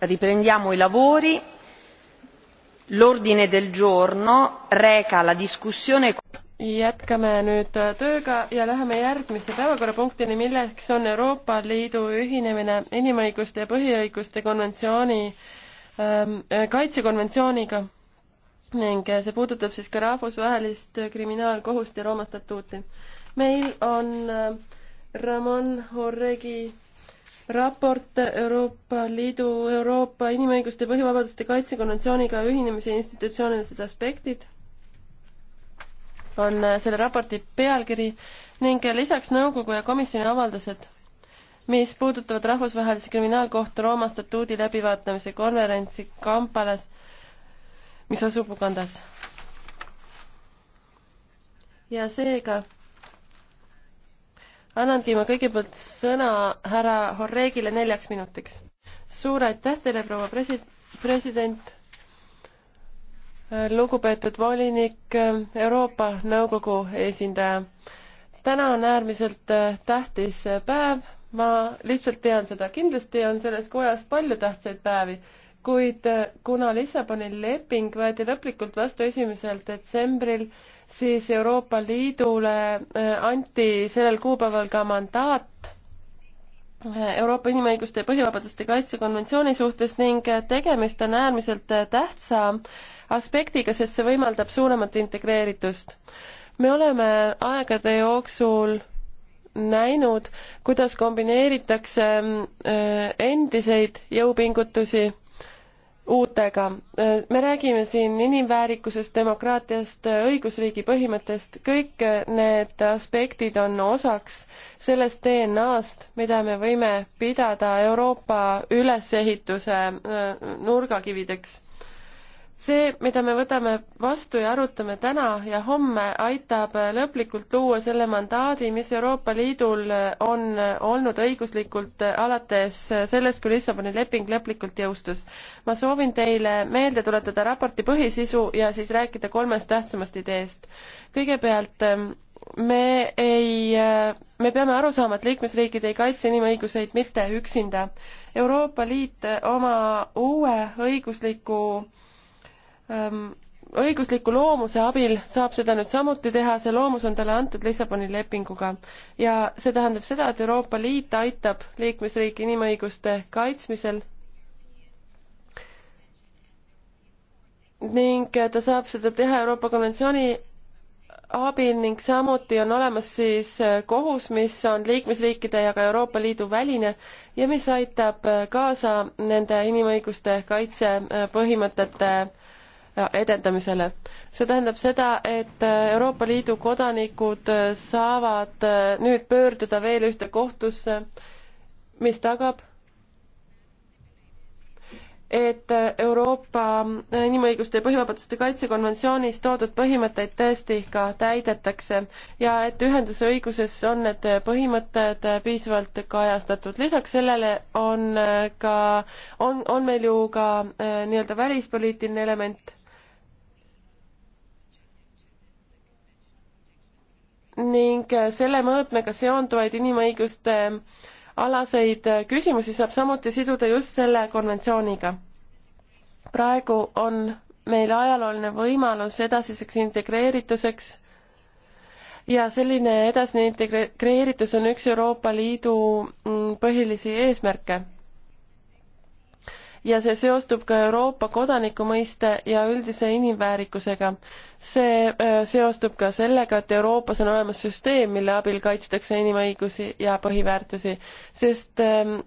riprendiamo i lavori l'ordine del giorno reca la discussione jätkame nüüd äh, tööga ja läheme järgmise päevakorrapunktini, milleks on Euroopa Liidu ühinemine inimõiguste ja põhiõiguste konventsiooni ähm,, äh, kaitsekonventsiooniga ning äh, see puudutab siis ka rahvusvahelist kriminaalkohust ja Rooma statuuti. meil on Ramon Horregi raport Euroopa Liidu Euroopa Inimõiguste ja Põhivabaduste Kaitsekonventsiooniga ühinemise institutsioonilised aspektid on äh, selle raporti pealkiri ning äh, lisaks nõukogu ja komisjoni avaldused, mis puudutavad Rahvusvahelise Kriminaalkohtu Rooma statuudi läbivaatamise konverentsi Kampalas, mis asub Ugandas. ja seega annangi ma kõigepealt sõna härra Horregile neljaks minutiks. suur aitäh teile, proua presi-, president, lugupeetud volinik, Euroopa Nõukogu esindaja. täna on äärmiselt tähtis päev, ma lihtsalt tean seda, kindlasti on selles kojas palju tähtsaid päevi kuid kuna Lissaboni leping võeti lõplikult vastu esimesel detsembril siis Euroopa Liidule äh, anti sellel kuupäeval ka mandaat äh, Euroopa Inimõiguste ja Põhivabaduste Kaitsekonventsiooni suhtes ning äh, tegemist on äärmiselt tähtsa aspektiga, sest see võimaldab suuremat integreeritust. me oleme aegade jooksul näinud, kuidas kombineeritakse endiseid jõupingutusi uutega. me räägime siin inimväärikusest, demokraatiast, õigusriigi põhimõttest, kõik need aspektid on osaks sellest DNA-st, mida me võime pidada Euroopa ülesehituse äh, nurgakivideks see, mida me võtame vastu ja arutame täna ja homme, aitab lõplikult luua selle mandaadi, mis Euroopa Liidul on olnud õiguslikult alates sellest, kui Lissaboni leping lõplikult jõustus. ma soovin teile meelde tuletada raporti põhisisu ja siis rääkida kolmest tähtsamast ideest. kõigepealt ähm, me ei, äh, me peame aru saama, et liikmesriigid ei kaitse inimõiguseid mitte üksinda. Euroopa Liit oma uue õigusliku Ehm, õigusliku loomuse abil saab seda nüüd samuti teha, see loomus on talle antud Lissaboni lepinguga. ja see tähendab seda, et Euroopa Liit aitab liikmesriiki inimõiguste kaitsmisel ning ta saab seda teha Euroopa konventsiooni abil ning samuti on olemas siis kohus, mis on liikmesriikide ja ka Euroopa Liidu väline ja mis aitab kaasa nende inimõiguste kaitse põhimõtete edendamisele. see tähendab seda, et äh, Euroopa Liidu kodanikud äh, saavad äh, nüüd pöörduda veel ühte kohtusse, mis tagab, et Euroopa inimõiguste ja põhivabaduste kaitsekonventsioonis toodud põhimõtteid tõesti ka täidetakse ja et ühenduse õiguses on need põhimõtted piisavalt kajastatud. lisaks sellele on ka, on, on meil ju ka nii-öelda välispoliitiline element ning äh, selle mõõtmega seonduvaid inimõiguste äh, alaseid äh, küsimusi saab samuti siduda just selle konventsiooniga. praegu on meil ajalooline võimalus edasiseks integreerituseks ja selline edasine integreeritus on üks Euroopa Liidu mm, põhilisi eesmärke ja see seostub ka Euroopa kodaniku mõiste ja üldise inimväärikusega. see äh, seostub ka sellega, et Euroopas on olemas süsteem, mille abil kaitstakse inimõigusi ja põhiväärtusi, sest ähm,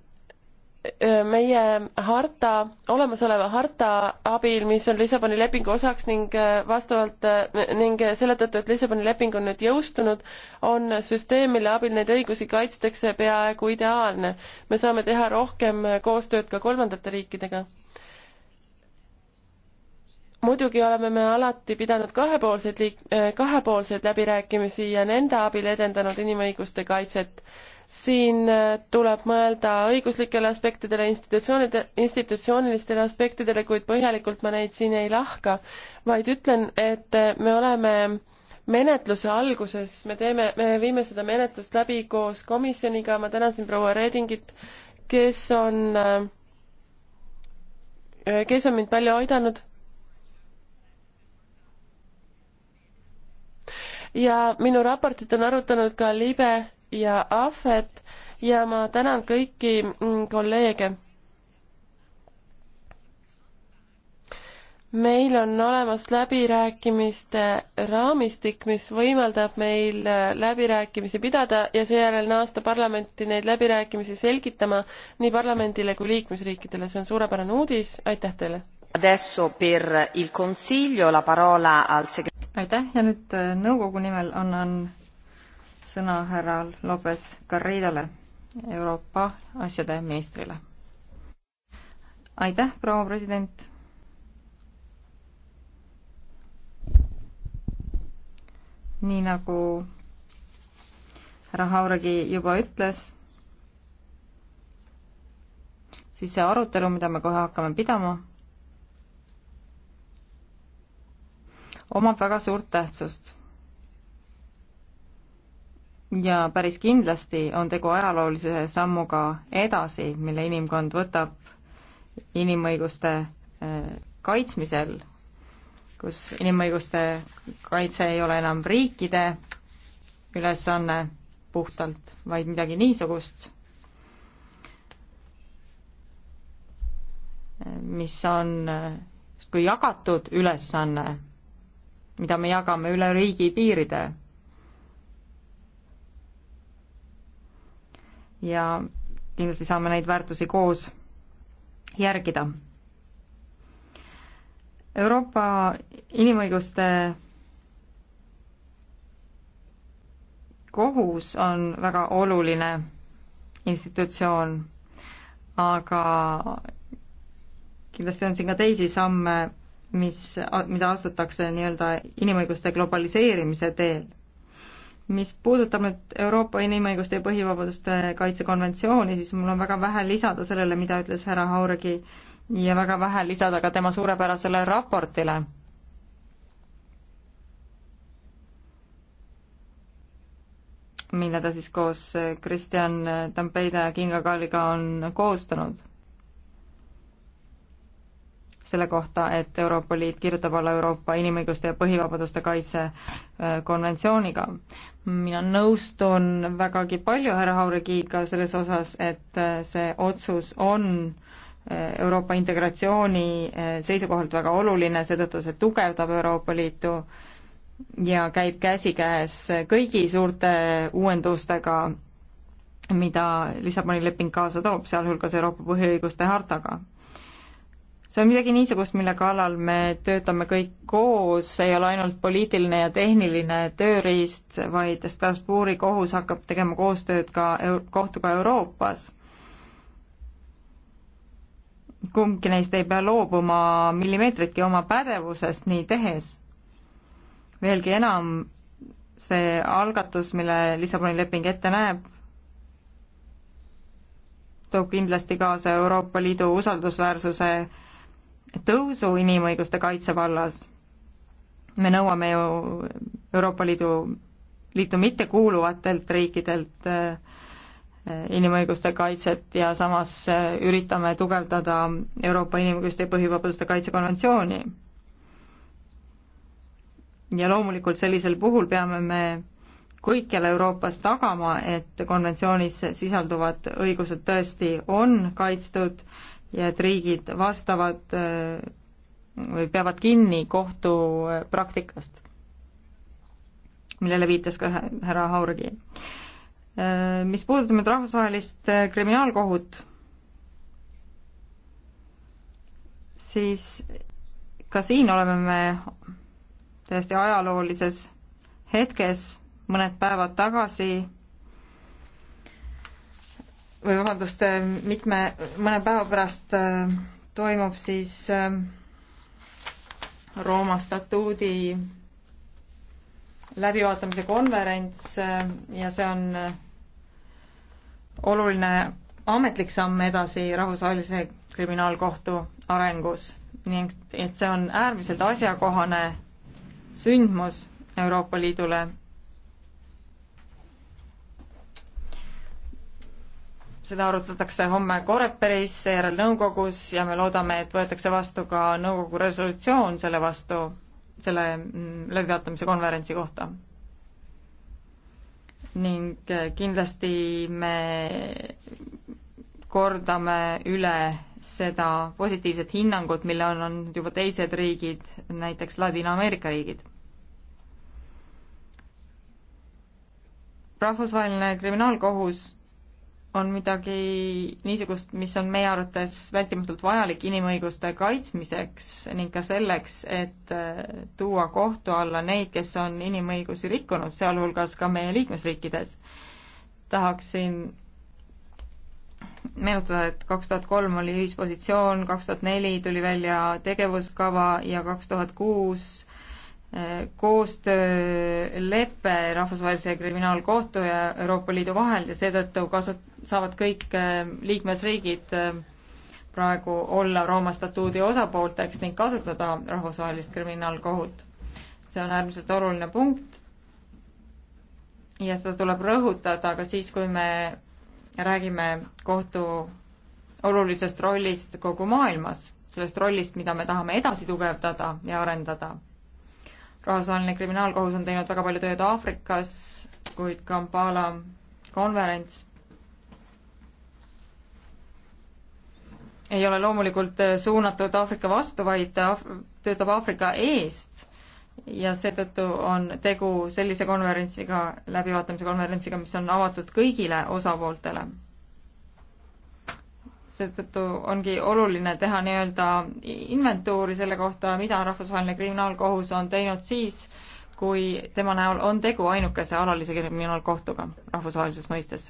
meie harta, olemasoleva harta abil, mis on Lissaboni lepingu osaks ning vastavalt ning selle tõttu, et Lissaboni leping on nüüd jõustunud, on süsteem, mille abil neid õigusi kaitstakse, peaaegu ideaalne. me saame teha rohkem koostööd ka kolmandate riikidega. muidugi oleme me alati pidanud kahepoolseid liik-, kahepoolseid läbirääkimisi ja nende abil edendanud inimõiguste kaitset siin äh, tuleb mõelda õiguslikele aspektidele, institutsioonide, institutsioonilistele aspektidele, kuid põhjalikult ma neid siin ei lahka, vaid ütlen, et äh, me oleme menetluse alguses, me teeme, me viime seda menetlust läbi koos komisjoniga, ma tänasin proua Redingit, kes on, äh, kes on mind palju aidanud ja minu raportit on arutanud ka libe ja Ahvet ja ma tänan kõiki mm, kolleege. meil on olemas läbirääkimiste raamistik, mis võimaldab meil äh, läbirääkimisi pidada ja seejärel naasta parlamenti neid läbirääkimisi selgitama nii parlamendile kui liikmesriikidele, see on suurepärane uudis, aitäh teile! adesso per il Consiglio la parola al seg- aitäh ja nüüd äh, nõukogu nimel annan sõna härra Lopez Garridale, Euroopa asjade ministrile. aitäh, proua president. nii nagu härra Hauregi juba ütles, siis see arutelu, mida me kohe hakkame pidama, omab väga suurt tähtsust ja päris kindlasti on tegu ajaloolise sammuga edasi, mille inimkond võtab inimõiguste äh, kaitsmisel, kus inimõiguste kaitse ei ole enam riikide ülesanne puhtalt, vaid midagi niisugust, mis on äh, justkui jagatud ülesanne, mida me jagame üle riigi piiride ja kindlasti saame neid väärtusi koos järgida. Euroopa Inimõiguste kohus on väga oluline institutsioon, aga kindlasti on siin ka teisi samme, mis, mida astutakse nii-öelda inimõiguste globaliseerimise teel mis puudutab nüüd Euroopa Inimõiguste ja Põhivabaduste Kaitsekonventsiooni, siis mul on väga vähe lisada sellele, mida ütles härra Hauregi ja väga vähe lisada ka tema suurepärasele raportile. mille ta siis koos Kristjan Tampeida ja Kinga Kaaliga on koostanud selle kohta, et Euroopa Liit kirjutab alla Euroopa inimõiguste ja põhivabaduste kaitse äh, konventsiooniga. mina nõustun vägagi palju härra Hauregiga selles osas, et äh, see otsus on äh, Euroopa integratsiooni seisukohalt väga oluline, seetõttu see tugevdab Euroopa Liitu ja käib käsikäes kõigi suurte uuendustega, mida Lissaboni leping kaasa toob, sealhulgas Euroopa põhiõiguste hartaga see on midagi niisugust, mille kallal me töötame kõik koos, see ei ole ainult poliitiline ja tehniline tööriist, vaid Strasbourgi kohus hakkab tegema koostööd ka kohtuga Euroopas. kumbki neist ei pea loobuma millimeetritki oma pädevusest nii tehes. veelgi enam, see algatus, mille Lissaboni leping ette näeb, toob kindlasti kaasa Euroopa Liidu usaldusväärsuse tõusu inimõiguste kaitse vallas. me nõuame ju Euroopa Liidu, liitu mittekuuluvatelt riikidelt äh, inimõiguste kaitset ja samas äh, üritame tugevdada Euroopa Inimõiguste ja Põhivabaduste Kaitse konventsiooni. ja loomulikult sellisel puhul peame me kõikjal Euroopas tagama, et konventsioonis sisalduvad õigused tõesti on kaitstud äh, ja et riigid vastavad äh, või peavad kinni kohtupraktikast, äh, millele viitas ka härra Haurgi. Äh, mis puudutab nüüd rahvusvahelist kriminaalkohut, siis ka siin oleme me täiesti ajaloolises hetkes, mõned päevad tagasi või vabandust, äh, mitme, mõne päeva pärast äh, toimub siis äh, Rooma statuudi läbivaatamise konverents ja see on oluline ametlik samm edasi rahvusvahelise kriminaalkohtu arengus ning et see on äärmiselt asjakohane sündmus Euroopa Liidule seda arutatakse homme Koreperis, seejärel nõukogus ja me loodame, et võetakse vastu ka nõukogu resolutsioon selle vastu, selle mm, läbivaatamise konverentsi kohta. ning eh, kindlasti me kordame üle seda positiivset hinnangut, mille on andnud juba teised riigid, näiteks Ladina-Ameerika riigid. rahvusvaheline kriminaalkohus on midagi niisugust, mis on meie arvates vältimatult vajalik inimõiguste kaitsmiseks ning ka selleks, et äh, tuua kohtu alla neid, kes on inimõigusi rikkunud, sealhulgas ka meie liikmesriikides. tahaksin meenutada, et kaks tuhat kolm oli ühispositsioon, kaks tuhat neli tuli välja tegevuskava ja kaks tuhat kuus koostöölepe Rahvusvahelise Kriminaalkohtu ja Euroopa Liidu vahel ja seetõttu kasut-, saavad kõik äh, liikmesriigid äh, praegu olla Rooma statuudi osapoolteks ning kasutada Rahvusvahelist Kriminaalkohut. see on äärmiselt oluline punkt ja seda tuleb rõhutada ka siis, kui me räägime kohtu olulisest rollist kogu maailmas, sellest rollist, mida me tahame edasi tugevdada ja arendada rahvusvaheline kriminaalkohus on teinud väga palju tööd Aafrikas, kuid Kampala konverents ei ole loomulikult eh, suunatud Aafrika vastu, vaid Af-, töötab Aafrika eest ja seetõttu on tegu sellise konverentsiga, läbivaatamise konverentsiga, mis on avatud kõigile osapooltele seetõttu ongi oluline teha nii-öelda inventuuri selle kohta, mida Rahvusvaheline Kriminaalkohus on teinud siis, kui tema näol on tegu ainukese alalise kriminaalkohtuga rahvusvahelises mõistes.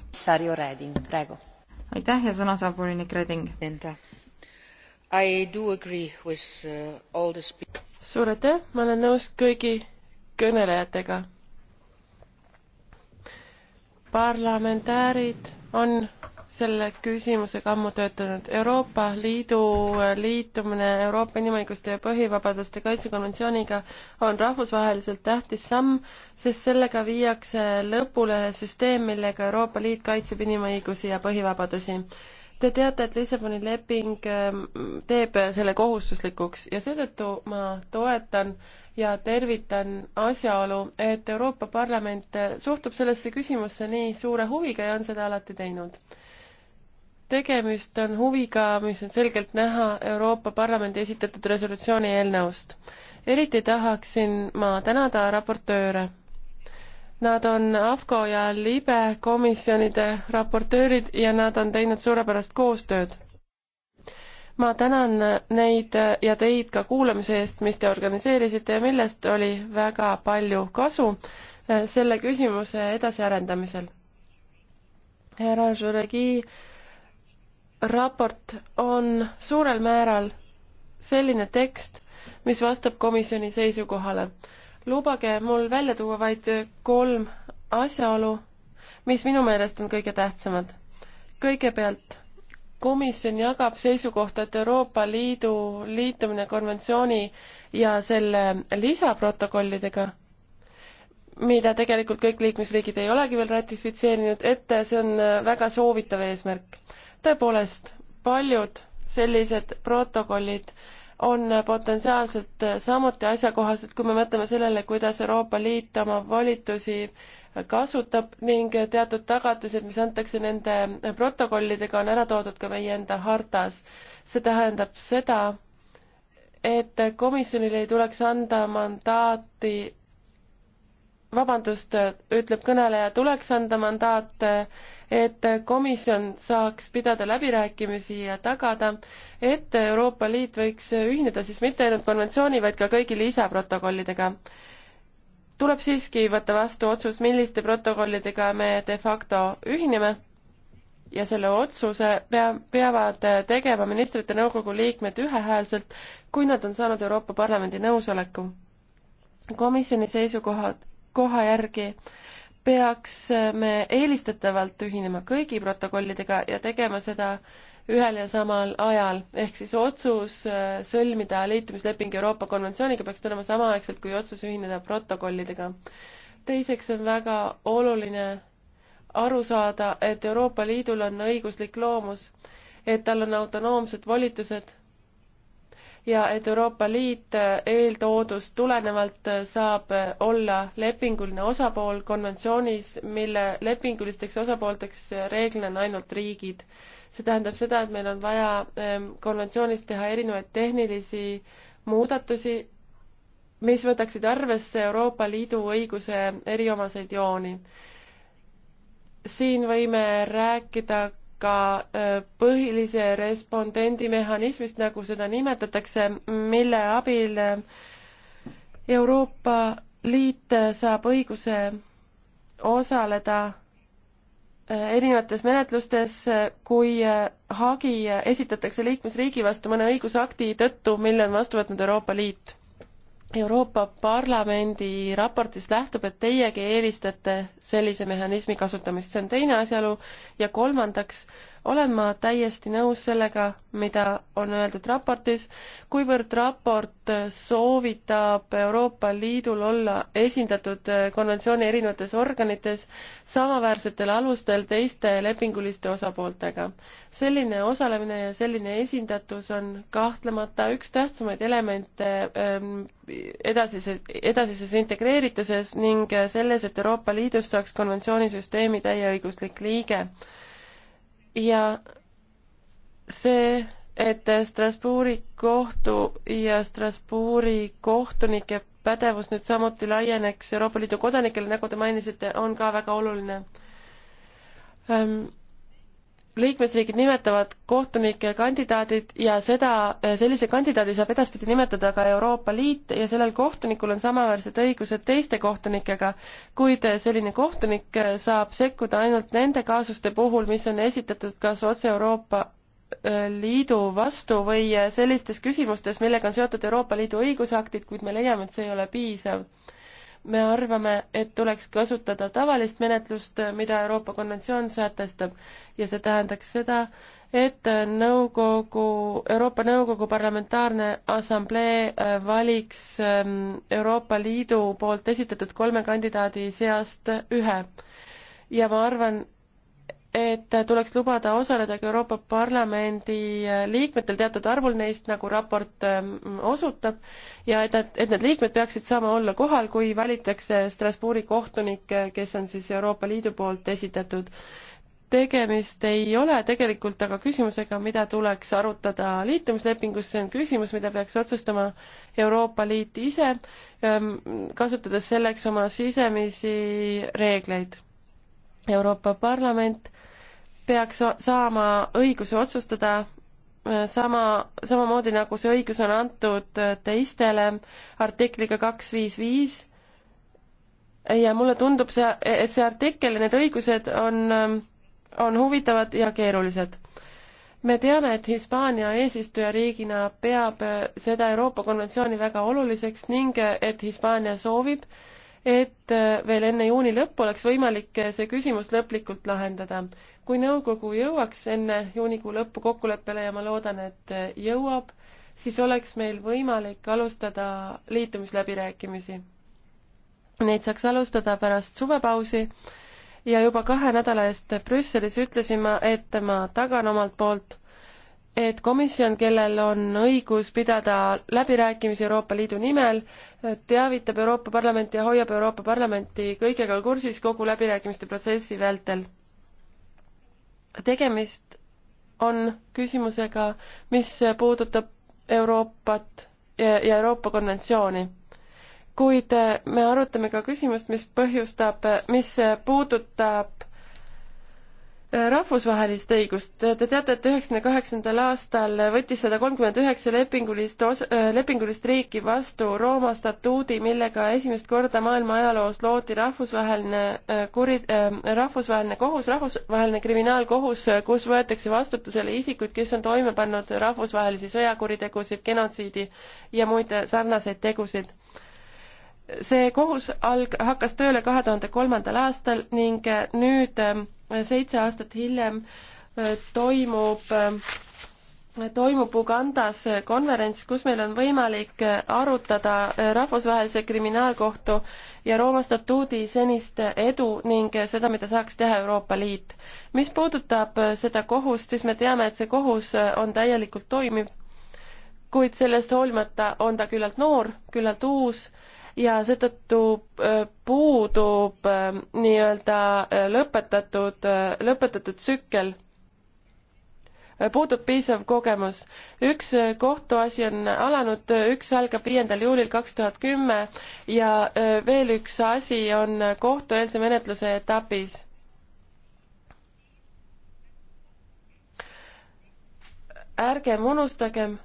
aitäh ja sõna saab volinik Reding. Uh, suur aitäh, ma olen nõus kõigi kõnelejatega. parlamentäärid on selle küsimusega ammu töötanud. Euroopa Liidu äh, liitumine Euroopa Inimõiguste ja Põhivabaduste Kaitsekonventsiooniga on rahvusvaheliselt tähtis samm, sest sellega viiakse lõpule süsteem, millega Euroopa Liit kaitseb inimõigusi ja põhivabadusi. Te teate, et Lissaboni leping ähm, teeb selle kohustuslikuks ja seetõttu ma toetan ja tervitan asjaolu, et Euroopa Parlament äh, suhtub sellesse küsimusse nii suure huviga ja on seda alati teinud tegemist on huviga, mis on selgelt näha Euroopa Parlamendi esitatud resolutsiooni eelnõust. eriti tahaksin ma tänada raportööre. Nad on AFCO ja LIBE komisjonide raportöörid ja nad on teinud suurepärast koostööd. ma tänan neid ja teid ka kuulamise eest, mis te organiseerisite ja millest oli väga palju kasu selle küsimuse edasiarendamisel. härra Žuregi raport on suurel määral selline tekst, mis vastab komisjoni seisukohale. lubage mul välja tuua vaid kolm asjaolu, mis minu meelest on kõige tähtsamad. kõigepealt, komisjon jagab seisukohta, et Euroopa Liidu liitumine konventsiooni ja selle lisaprotokollidega mida tegelikult kõik liikmesriigid ei olegi veel ratifitseerinud, et see on väga soovitav eesmärk tõepoolest, paljud sellised protokollid on potentsiaalselt samuti asjakohased, kui me mõtleme sellele, kuidas Euroopa Liit oma volitusi kasutab ning teatud tagatised, mis antakse nende protokollidega, on ära toodud ka meie enda hartas. see tähendab seda, et komisjonile ei tuleks anda mandaati vabandust, ütleb kõneleja, tuleks anda mandaat, et komisjon saaks pidada läbirääkimisi ja tagada, et Euroopa Liit võiks ühineda siis mitte ainult konventsiooni, vaid ka kõigi lisaprotokollidega. tuleb siiski võtta vastu otsus, milliste protokollidega me de facto ühineme ja selle otsuse pea, peavad tegema ministrite nõukogu liikmed ühehäälselt, kui nad on saanud Euroopa Parlamendi nõusoleku. komisjoni seisukohad koha järgi peaks me eelistatavalt ühinema kõigi protokollidega ja tegema seda ühel ja samal ajal, ehk siis otsus äh, sõlmida liitumisleping Euroopa konventsiooniga peaks tulema samaaegselt kui otsus ühineda protokollidega. teiseks on väga oluline aru saada, et Euroopa Liidul on õiguslik loomus, et tal on autonoomsed volitused ja et Euroopa Liit eeltoodust tulenevalt saab olla lepinguline osapool konventsioonis, mille lepingulisteks osapoolteks reeglina on ainult riigid. see tähendab seda, et meil on vaja ehm, konventsioonis teha erinevaid tehnilisi muudatusi, mis võtaksid arvesse Euroopa Liidu õiguse eriomaseid jooni. siin võime rääkida ka äh, põhilise respondendi mehhanismist, nagu seda nimetatakse, mille abil äh, Euroopa Liit saab õiguse osaleda äh, erinevates menetlustes, kui hagi esitatakse liikmesriigi vastu mõne õigusakti tõttu, mille on vastu võtnud Euroopa Liit Euroopa Parlamendi raportist lähtub, et teiegi eelistate sellise mehhanismi kasutamist, see on teine asjaolu, ja kolmandaks, olen ma täiesti nõus sellega, mida on öeldud raportis, kuivõrd raport soovitab Euroopa Liidul olla esindatud konventsiooni erinevates organites samaväärsetel alustel teiste lepinguliste osapooltega. selline osalemine ja selline esindatus on kahtlemata üks tähtsamaid elemente ähm, edasises, edasises integreerituses ning selles, et Euroopa Liidust saaks konventsioonisüsteemi täieõiguslik liige ja see, et Strasbourgi kohtu ja Strasbourgi kohtunike pädevus nüüd samuti laieneks Euroopa Liidu kodanikele, nagu te mainisite, on ka väga oluline ähm, liikmesriigid nimetavad kohtunike kandidaadid ja seda, eh, sellise kandidaadi saab edaspidi nimetada ka Euroopa Liit ja sellel kohtunikul on samaväärsed õigused teiste kohtunikega, kuid eh, selline kohtunik eh, saab sekkuda ainult nende kaasuste puhul, mis on esitatud kas otse Euroopa Liidu vastu või sellistes küsimustes, millega on seotud Euroopa Liidu õigusaktid, kuid me leiame, et see ei ole piisav me arvame, et tuleks kasutada tavalist menetlust, mida Euroopa konventsioon sätestab ja see tähendaks seda, et nõukogu, Euroopa Nõukogu Parlamentaarne Assamblee äh, valiks ähm, Euroopa Liidu poolt esitatud kolme kandidaadi seast ühe. ja ma arvan, et tuleks lubada osaleda ka Euroopa Parlamendi äh, liikmetel teatud arvul neist, nagu raport ähm, osutab, ja et nad, et need liikmed peaksid saama olla kohal, kui valitakse Strasbourgi kohtunik, äh, kes on siis Euroopa Liidu poolt esitatud. tegemist ei ole tegelikult aga küsimusega, mida tuleks arutada liitumislepingus, see on küsimus, mida peaks otsustama Euroopa Liit ise, ähm, kasutades selleks oma sisemisi reegleid Euroopa Parlament peaks saama õiguse otsustada äh, sama, samamoodi nagu see õigus on antud äh, teistele artikliga kaks viis viis ja mulle tundub see, et see artikkel ja need õigused on, ähm, on huvitavad ja keerulised. me teame, et Hispaania eesistujariigina peab äh, seda Euroopa konventsiooni väga oluliseks ning et Hispaania soovib, et äh, veel enne juuni lõppu oleks võimalik äh, see küsimus lõplikult lahendada. kui nõukogu jõuaks enne juunikuu lõppu kokkuleppele ja ma loodan, et äh, jõuab, siis oleks meil võimalik alustada liitumisläbirääkimisi. Neid saaks alustada pärast suvepausi ja juba kahe nädala eest Brüsselis ütlesin ma, et ma tagan omalt poolt et komisjon, kellel on õigus pidada läbirääkimisi Euroopa Liidu nimel, teavitab Euroopa Parlamenti ja hoiab Euroopa Parlamenti kõigega kursis kogu läbirääkimiste protsessi vältel. tegemist on küsimusega, mis puudutab Euroopat ja Euroopa konventsiooni. kuid me arutame ka küsimust, mis põhjustab, mis puudutab rahvusvahelist õigust. Te teate, et üheksakümne kaheksandal aastal võttis sada kolmkümmend üheksa lepingulist os-, äh, lepingulist riiki vastu Rooma statuudi, millega esimest korda maailma ajaloos loodi rahvusvaheline äh, kuri-, äh, rahvusvaheline kohus, rahvusvaheline kriminaalkohus, kus võetakse vastutusele isikuid, kes on toime pannud rahvusvahelisi sõjakuritegusid, genotsiidi ja muid sarnaseid tegusid see kohus alg-, hakkas tööle kahe tuhande kolmandal aastal ning nüüd ähm, seitse aastat hiljem äh, toimub äh, toimub Ugandas äh, konverents, kus meil on võimalik arutada Rahvusvahelise Kriminaalkohtu ja Rooma statuudi senist edu ning seda, mida saaks teha Euroopa Liit. mis puudutab seda kohust, siis me teame, et see kohus on täielikult toimiv, kuid sellest hoolimata on ta küllalt noor, küllalt uus ja seetõttu äh, puudub äh, nii-öelda äh, lõpetatud, lõpetatud tsükkel. puudub piisav kogemus. üks kohtuasi on alanud, üks algab viiendal juulil kaks tuhat kümme ja veel üks asi on kohtueelse menetluse etapis ärgem unustagem,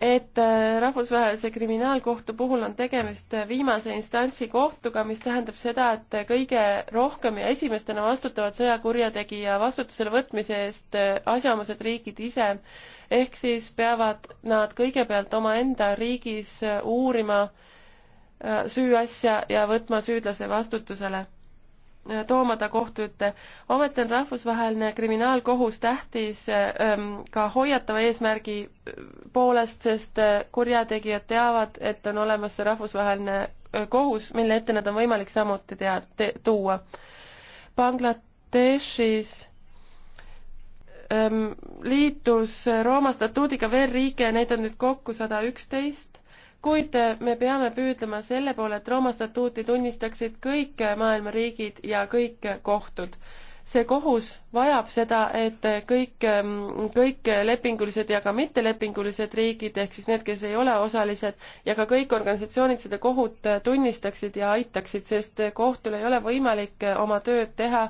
et äh, Rahvusvahelise Kriminaalkohtu puhul on tegemist äh, viimase instantsi kohtuga, mis tähendab seda, et äh, kõige rohkem ja esimestena vastutavad sõjakurjategija vastutusele võtmise eest asjaomased riigid ise. ehk siis peavad nad kõigepealt omaenda riigis uurima süüasja ja võtma süüdlase vastutusele Äh, Toomada kohtu ette. ometi on rahvusvaheline kriminaalkohus tähtis äh, ähm, ka hoiatava eesmärgi äh, poolest, sest kurjategijad teavad, et on olemas see rahvusvaheline kohus, mille ette nad on võimalik samuti tea- te,, tuua. Bangladeshis ähm, liitus Rooma statuudiga veel riike, neid on nüüd kokku sada üksteist kuid äh, me peame püüdlema selle poole, et Rooma statuuti tunnistaksid kõik äh, maailma riigid ja kõik äh, kohtud. see kohus vajab seda, et kõik, ähm, kõik lepingulised ja ka mittelepingulised riigid, ehk siis need, kes ei ole osalised, ja ka kõik organisatsioonid seda kohut tunnistaksid ja aitaksid, sest kohtul ei ole võimalik oma tööd teha,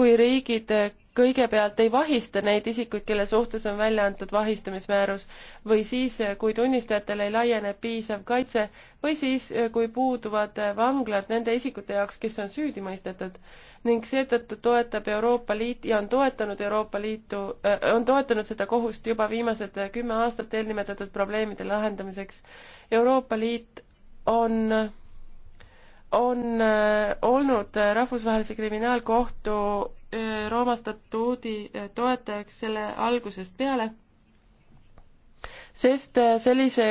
kui riigid kõigepealt ei vahista neid isikuid, kelle suhtes on välja antud vahistamismäärus või siis, kui tunnistajatele ei laiene piisav kaitse või siis, kui puuduvad vanglad nende isikute jaoks, kes on süüdi mõistetud ning seetõttu toetab Euroopa Liit ja on toetanud Euroopa Liitu äh,, on toetanud seda kohust juba viimased kümme aastat eelnimetatud probleemide lahendamiseks. Euroopa Liit on on äh, olnud äh, Rahvusvahelise Kriminaalkohtu Rooma statuudi toetajaks selle algusest peale, sest sellise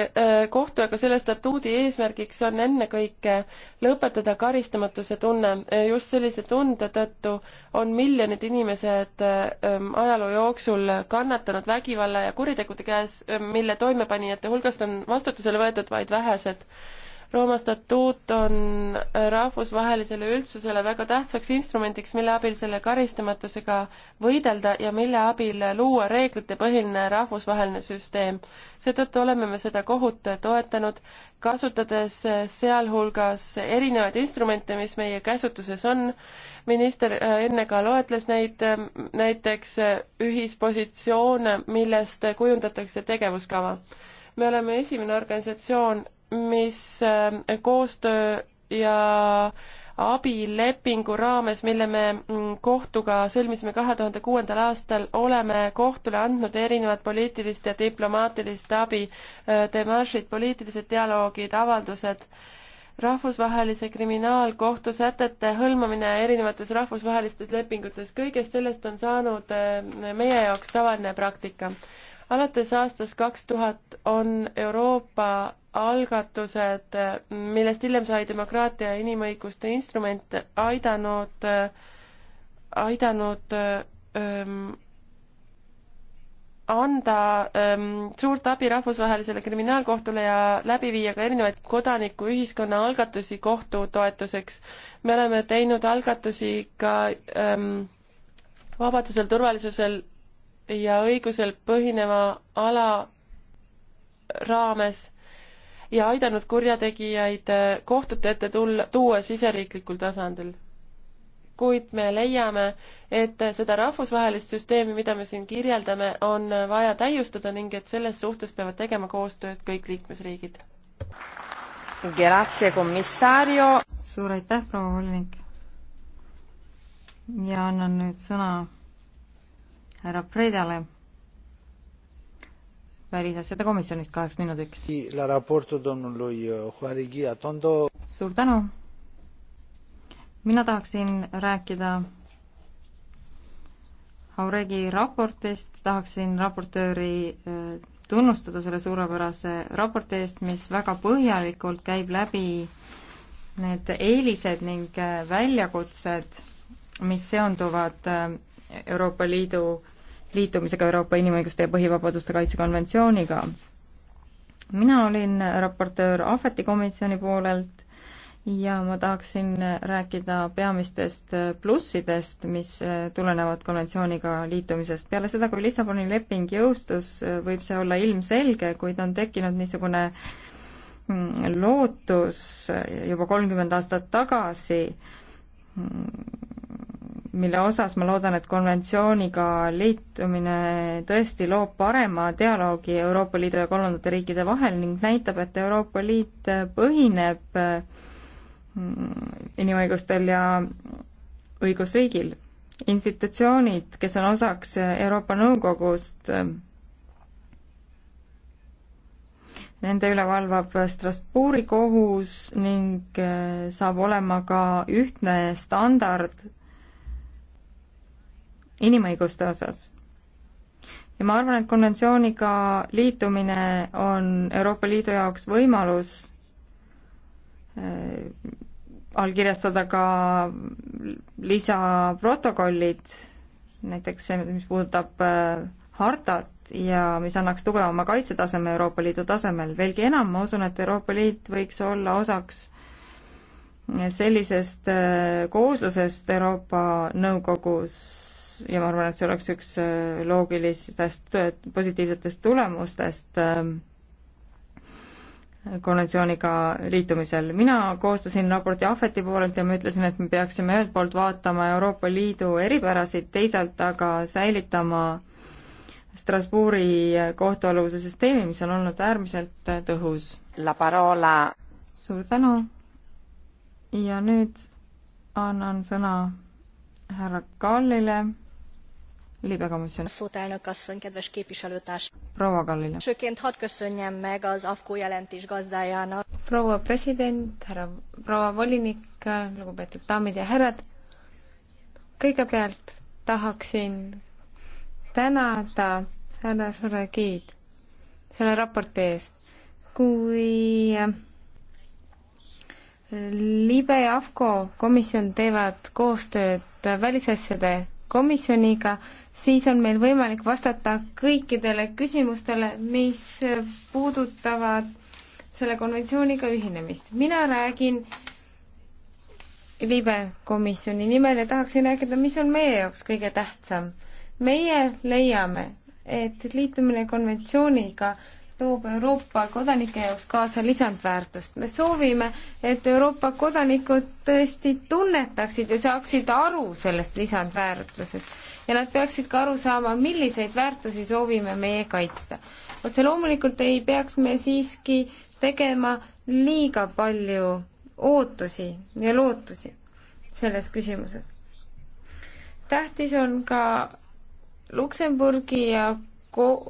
kohtu ega selle statuudi eesmärgiks on ennekõike lõpetada karistamatuse tunne. just sellise tunde tõttu on miljonid inimesed ajaloo jooksul kannatanud vägivalla ja kuritegude käes, mille toimepanijate hulgast on vastutusele võetud vaid vähesed Rooma statuut on äh, rahvusvahelisele üldsusele väga tähtsaks instrumendiks, mille abil selle karistamatusega võidelda ja mille abil luua reeglitepõhine rahvusvaheline süsteem. seetõttu oleme me seda kohut toetanud, kasutades äh, sealhulgas erinevaid instrumente, mis meie käsutuses on. minister äh, enne ka loetles neid, näiteks ühispositsioone, millest kujundatakse tegevuskava me oleme esimene organisatsioon, mis äh, koostöö ja abilepingu raames, mille me mm, kohtuga sõlmisime kahe tuhande kuuendal aastal, oleme kohtule andnud erinevat poliitilist ja diplomaatilist abi, äh, demaršid, poliitilised dialoogid, avaldused, rahvusvahelise kriminaalkohtu sätete hõlmamine erinevates rahvusvahelistes lepingutes, kõigest sellest on saanud äh, meie jaoks tavaline praktika. alates aastast kaks tuhat on Euroopa algatused, millest hiljem sai demokraatia ja inimõiguste instrument, aidanud, aidanud ähm, anda ähm, suurt abi rahvusvahelisele kriminaalkohtule ja läbi viia ka erinevaid kodanikuühiskonna algatusi kohtu toetuseks. me oleme teinud algatusi ka ähm, vabadusel, turvalisusel ja õigusel põhineva ala raames ja aidanud kurjategijaid äh, kohtute ette tulla, tuua siseriiklikul tasandil. kuid me leiame, et äh, seda rahvusvahelist süsteemi, mida me siin kirjeldame, on äh, vaja täiustada ning et selles suhtes peavad tegema koostööd kõik liikmesriigid. suur aitäh, proua Holnik! ja annan nüüd sõna härra Predale välisasjade komisjonist kaheks minutiks. Uh, suur tänu. mina tahaksin rääkida Auregi raportist, tahaksin raportööri uh, tunnustada selle suurepärase raporti eest, mis väga põhjalikult käib läbi need eelised ning uh, väljakutsed, mis seonduvad Euroopa Liidu liitumisega Euroopa Inimõiguste ja Põhivabaduste Kaitse konventsiooniga. mina olin raportöör Ahveti komisjoni poolelt ja ma tahaksin rääkida peamistest plussidest, mis tulenevad konventsiooniga liitumisest. peale seda, kui Lissaboni leping jõustus, võib see olla ilmselge, kuid on tekkinud niisugune mm, lootus juba kolmkümmend aastat tagasi mm, mille osas ma loodan, et konventsiooniga liitumine tõesti loob parema dialoogi Euroopa Liidu ja kolmandate riikide vahel ning näitab, et Euroopa Liit põhineb mm, inimõigustel ja õigusriigil. institutsioonid, kes on osaks Euroopa Nõukogust, Nende üle valvab Strasbourgi kohus ning eh, saab olema ka ühtne standard inimõiguste osas. ja ma arvan, et konventsiooniga liitumine on Euroopa Liidu jaoks võimalus äh, allkirjastada ka lisaprotokollid, näiteks see, mis puudutab äh, hartat ja mis annaks tugevama kaitsetaseme Euroopa Liidu tasemel. veelgi enam, ma usun, et Euroopa Liit võiks olla osaks sellisest äh, kooslusest Euroopa Nõukogus ja ma arvan, et see oleks üks äh, loogilistest positiivsetest tulemustest ähm, konventsiooniga liitumisel. mina koostasin raporti Ahveti poolelt ja ma ütlesin, et me peaksime ühelt poolt vaatama Euroopa Liidu eripärasid, teisalt aga säilitama Strasbourgi kohtualuse süsteemi, mis on olnud äärmiselt äh, tõhus. La parola. suur tänu. ja nüüd annan sõna härra Kallile libekomisjon. szót elnök asszony, kedves képviselőtárs. proua Kallile. Sőként hadd köszönjem meg az AFKO jelentés gazdájának. proua president, härra, proua volinik, lugupeetud daamid ja härrad. kõigepealt tahaksin tänada härra Šuregiid selle raporti eest. kui äh, libe ja AFCO komisjon teevad koostööd välisasjade komisjoniga, siis on meil võimalik vastata kõikidele küsimustele, mis puudutavad selle konventsiooniga ühinemist. mina räägin libe komisjoni nimel ja tahaksin rääkida, mis on meie jaoks kõige tähtsam. meie leiame, et liitumine konventsiooniga toob Euroopa kodanike jaoks kaasa lisandväärtust. me soovime, et Euroopa kodanikud tõesti tunnetaksid ja saaksid aru sellest lisandväärtusest ja nad peaksid ka aru saama, milliseid väärtusi soovime meie kaitsta. otse loomulikult ei peaks me siiski tegema liiga palju ootusi ja lootusi selles küsimuses. tähtis on ka Luksemburgi ja ko-,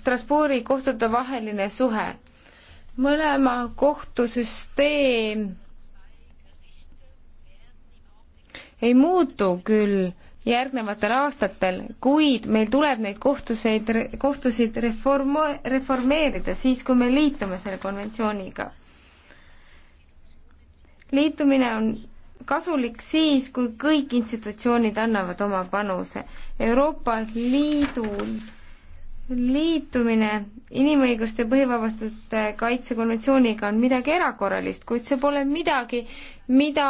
Strasbourgi kohtute vaheline suhe. mõlema kohtusüsteem ei muutu küll järgnevatel aastatel, kuid meil tuleb neid kohtuseid, kohtusid reform-, reformeerida siis, kui me liitume selle konventsiooniga. liitumine on kasulik siis, kui kõik institutsioonid annavad oma panuse. Euroopa Liidul liitumine inimõiguste põhivabastuste kaitsekonventsiooniga on midagi erakorralist, kuid see pole midagi, mida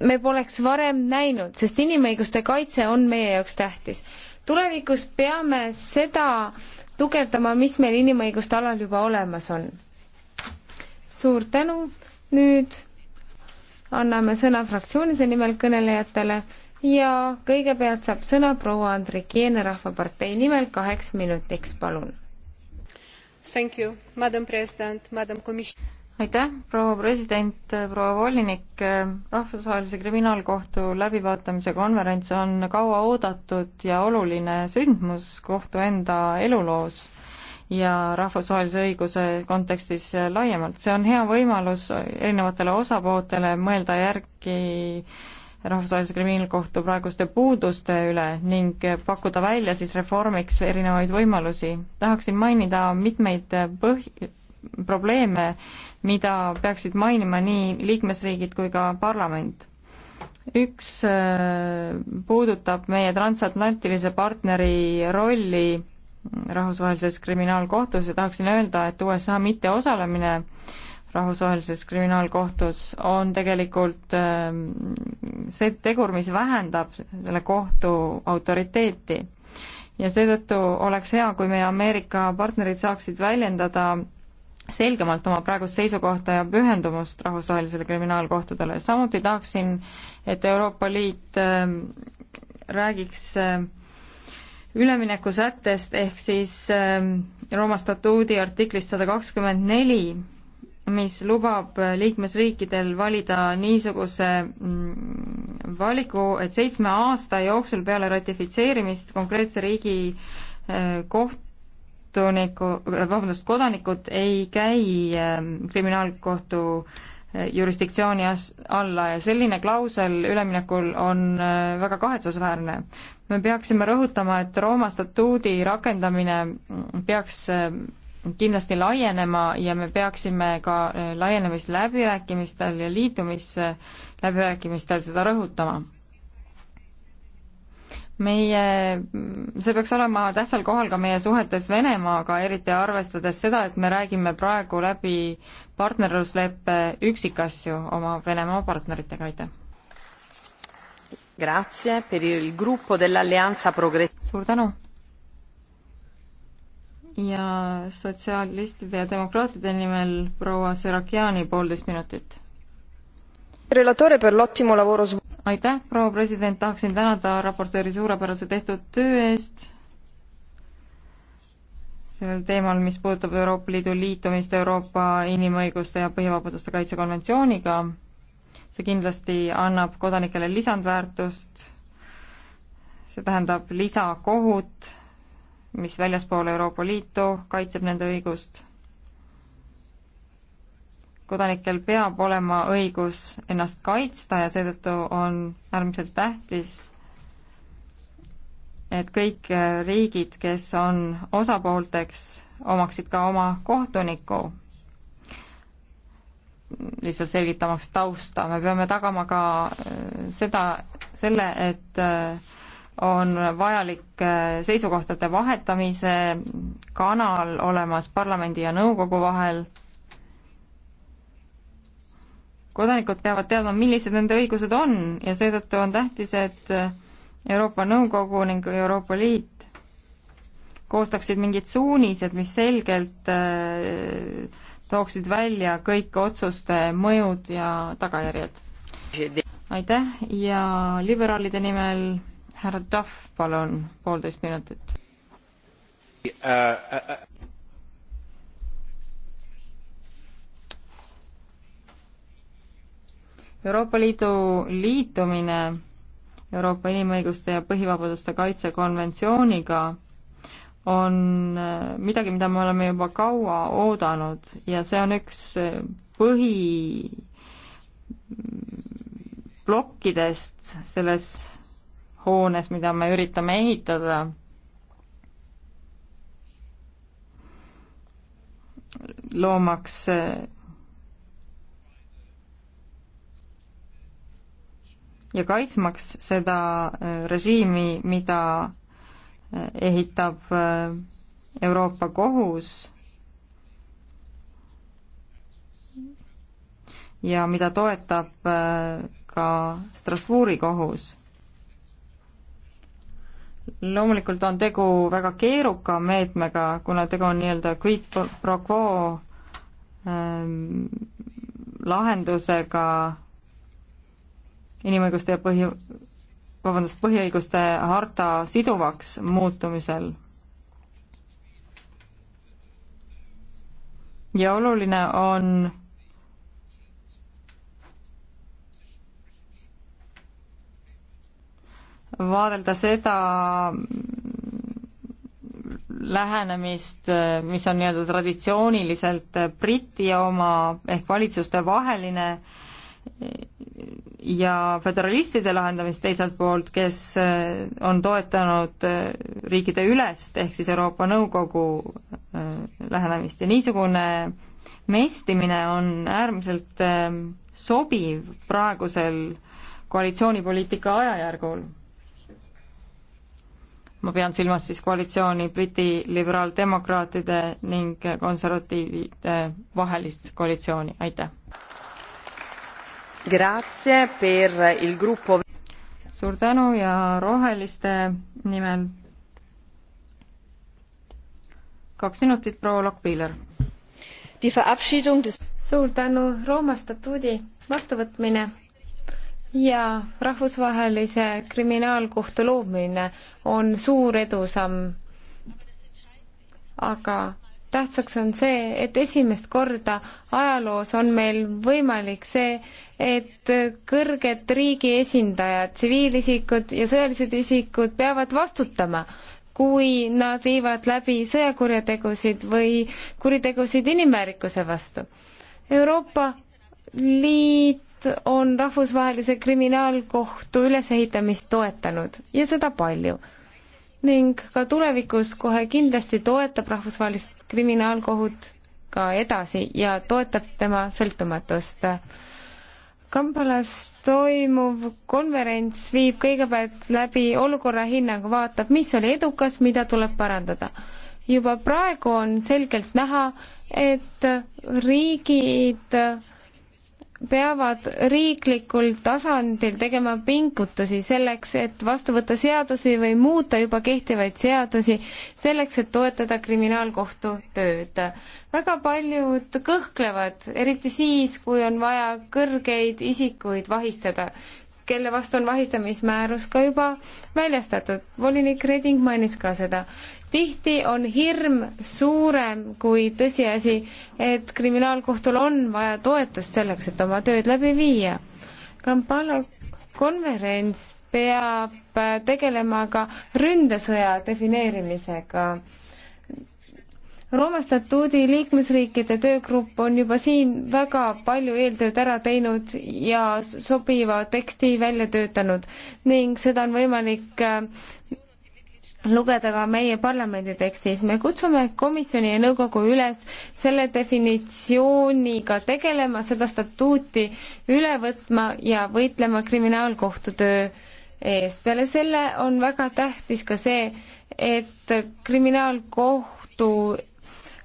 me poleks varem näinud, sest inimõiguste kaitse on meie jaoks tähtis. tulevikus peame seda tugevdama, mis meil inimõiguste alal juba olemas on. suur tänu, nüüd anname sõna fraktsioonide nimel kõnelejatele ja kõigepealt saab sõna proua Andrikiene Rahvapartei nimel kaheks minutiks, palun. aitäh, proua president, proua volinik, rahvusvahelise kriminaalkohtu läbivaatamise konverents on kauaoodatud ja oluline sündmus kohtu enda eluloos ja rahvusvahelise õiguse kontekstis laiemalt. see on hea võimalus erinevatele osapooltele mõelda järgi rahvusvahelise kriminaalkohtu praeguste puuduste üle ning pakkuda välja siis reformiks erinevaid võimalusi. tahaksin mainida mitmeid põh-, probleeme, mida peaksid mainima nii liikmesriigid kui ka parlament. üks äh, puudutab meie transatlantilise partneri rolli rahvusvahelises kriminaalkohtus ja tahaksin öelda, et USA mitteosalemine äh, rahvusvahelises kriminaalkohtus, on tegelikult ähm, see tegur, mis vähendab selle kohtu autoriteeti. ja seetõttu oleks hea, kui meie Ameerika partnerid saaksid väljendada selgemalt oma praegust seisukohta ja pühendumust rahvusvahelisele kriminaalkohtadele. samuti tahaksin, et Euroopa Liit ähm, räägiks ähm, üleminekusättest ehk siis Rooma statuudi artiklist sada kakskümmend neli, mis lubab liikmesriikidel valida niisuguse mm, valiku, et seitsme aasta jooksul peale ratifitseerimist konkreetse riigi eh, kohtuniku, vabandust, kodanikud ei käi eh, kriminaalkohtu eh, jurisdiktsiooni alla ja selline klausel üleminekul on väga kahetsusväärne. me peaksime rõhutama, et Rooma statuudi rakendamine mm, peaks kindlasti laienema ja me peaksime ka äh, laienemisläbirääkimistel ja liitumisläbirääkimistel seda rõhutama. meie, see peaks olema tähtsal kohal ka meie suhetes Venemaaga, eriti arvestades seda, et me räägime praegu läbi partnerlusleppe üksikasju oma Venemaa partneritega, aitäh! suur tänu! ja sotsialistide ja demokraatide nimel proua Serakiani poolteist minutit. aitäh, proua president, tahaksin tänada raportööri suurepärase tehtud töö eest sellel teemal, mis puudutab Euroopa Liidu liitumist Euroopa inimõiguste ja põhivabaduste kaitse konventsiooniga. see kindlasti annab kodanikele lisandväärtust, see tähendab lisakohut mis väljaspool Euroopa Liitu kaitseb nende õigust. kodanikel peab olema õigus ennast kaitsta ja seetõttu on äärmiselt tähtis, et kõik riigid, kes on osapoolteks, omaksid ka oma kohtuniku lihtsalt selgitamaks tausta, me peame tagama ka äh, seda, selle, et äh, on vajalik äh, seisukohtade vahetamise kanal olemas parlamendi ja nõukogu vahel. kodanikud peavad teadma, millised nende õigused on ja seetõttu on tähtis, et äh, Euroopa Nõukogu ning Euroopa Liit koostaksid mingid suunised, mis selgelt äh, tooksid välja kõik otsuste mõjud ja tagajärjed. aitäh ja liberaalide nimel härra Tahv, palun, poolteist minutit uh,. Uh, uh. Euroopa Liidu liitumine Euroopa inimõiguste ja põhivabaduste kaitse konventsiooniga on äh, midagi, mida me oleme juba kaua oodanud ja see on üks äh, põhiplokkidest selles hoones, mida me üritame ehitada. loomaks ja kaitsmaks seda äh, režiimi, mida äh, ehitab äh, Euroopa Kohus ja mida toetab ka Strasbourgi kohus loomulikult on tegu väga keeruka meetmega, kuna tegu on nii-öelda quid pro quo ähm, lahendusega inimõiguste ja põhi, vabandust, põhiõiguste harta siduvaks muutumisel. ja oluline on vaadelda seda lähenemist, mis on nii-öelda traditsiooniliselt Briti oma ehk valitsuste vaheline ja föderalistide lahendamist teiselt poolt, kes on toetanud riikide ülest ehk siis Euroopa Nõukogu äh, lähenemist ja niisugune mestimine on äärmiselt äh, sobiv praegusel koalitsioonipoliitika ajajärgul ma pean silmas siis koalitsiooni Briti liberaaldemokraatide ning konservatiivide vahelist koalitsiooni, aitäh. suur tänu ja roheliste nimel kaks minutit, proua Lokk-Piiler. suur tänu, Rooma statuudi vastuvõtmine ja rahvusvahelise kriminaalkohtu loomine on suur edusamm. aga tähtsaks on see, et esimest korda ajaloos on meil võimalik see, et kõrged riigi esindajad, tsiviilisikud ja sõjalised isikud peavad vastutama, kui nad viivad läbi sõjakurjategusid või kuritegusid inimväärikuse vastu. Euroopa Liit on rahvusvahelise kriminaalkohtu ülesehitamist toetanud ja seda palju. ning ka tulevikus kohe kindlasti toetab rahvusvahelist kriminaalkohut ka edasi ja toetab tema sõltumatust. Kampalas toimuv konverents viib kõigepealt läbi olukorra hinnangu, vaatab, mis oli edukas, mida tuleb parandada. juba praegu on selgelt näha, et riigid peavad riiklikul tasandil tegema pingutusi selleks, et vastu võtta seadusi või muuta juba kehtivaid seadusi, selleks, et toetada kriminaalkohtu tööd. väga paljud kõhklevad, eriti siis, kui on vaja kõrgeid isikuid vahistada, kelle vastu on vahistamismäärus ka juba väljastatud. volinik Reding mainis ka seda tihti on hirm suurem kui tõsiasi, et kriminaalkohtul on vaja toetust selleks, et oma tööd läbi viia. Kampala konverents peab tegelema ka ründesõja defineerimisega. Rooma statuudi liikmesriikide töögrupp on juba siin väga palju eeltööd ära teinud ja sobiva teksti välja töötanud ning seda on võimalik lugeda ka meie parlamendi tekstis. me kutsume komisjoni ja nõukogu üles selle definitsiooniga tegelema, seda statuuti üle võtma ja võitlema kriminaalkohtu töö eest. peale selle on väga tähtis ka see, et kriminaalkohtu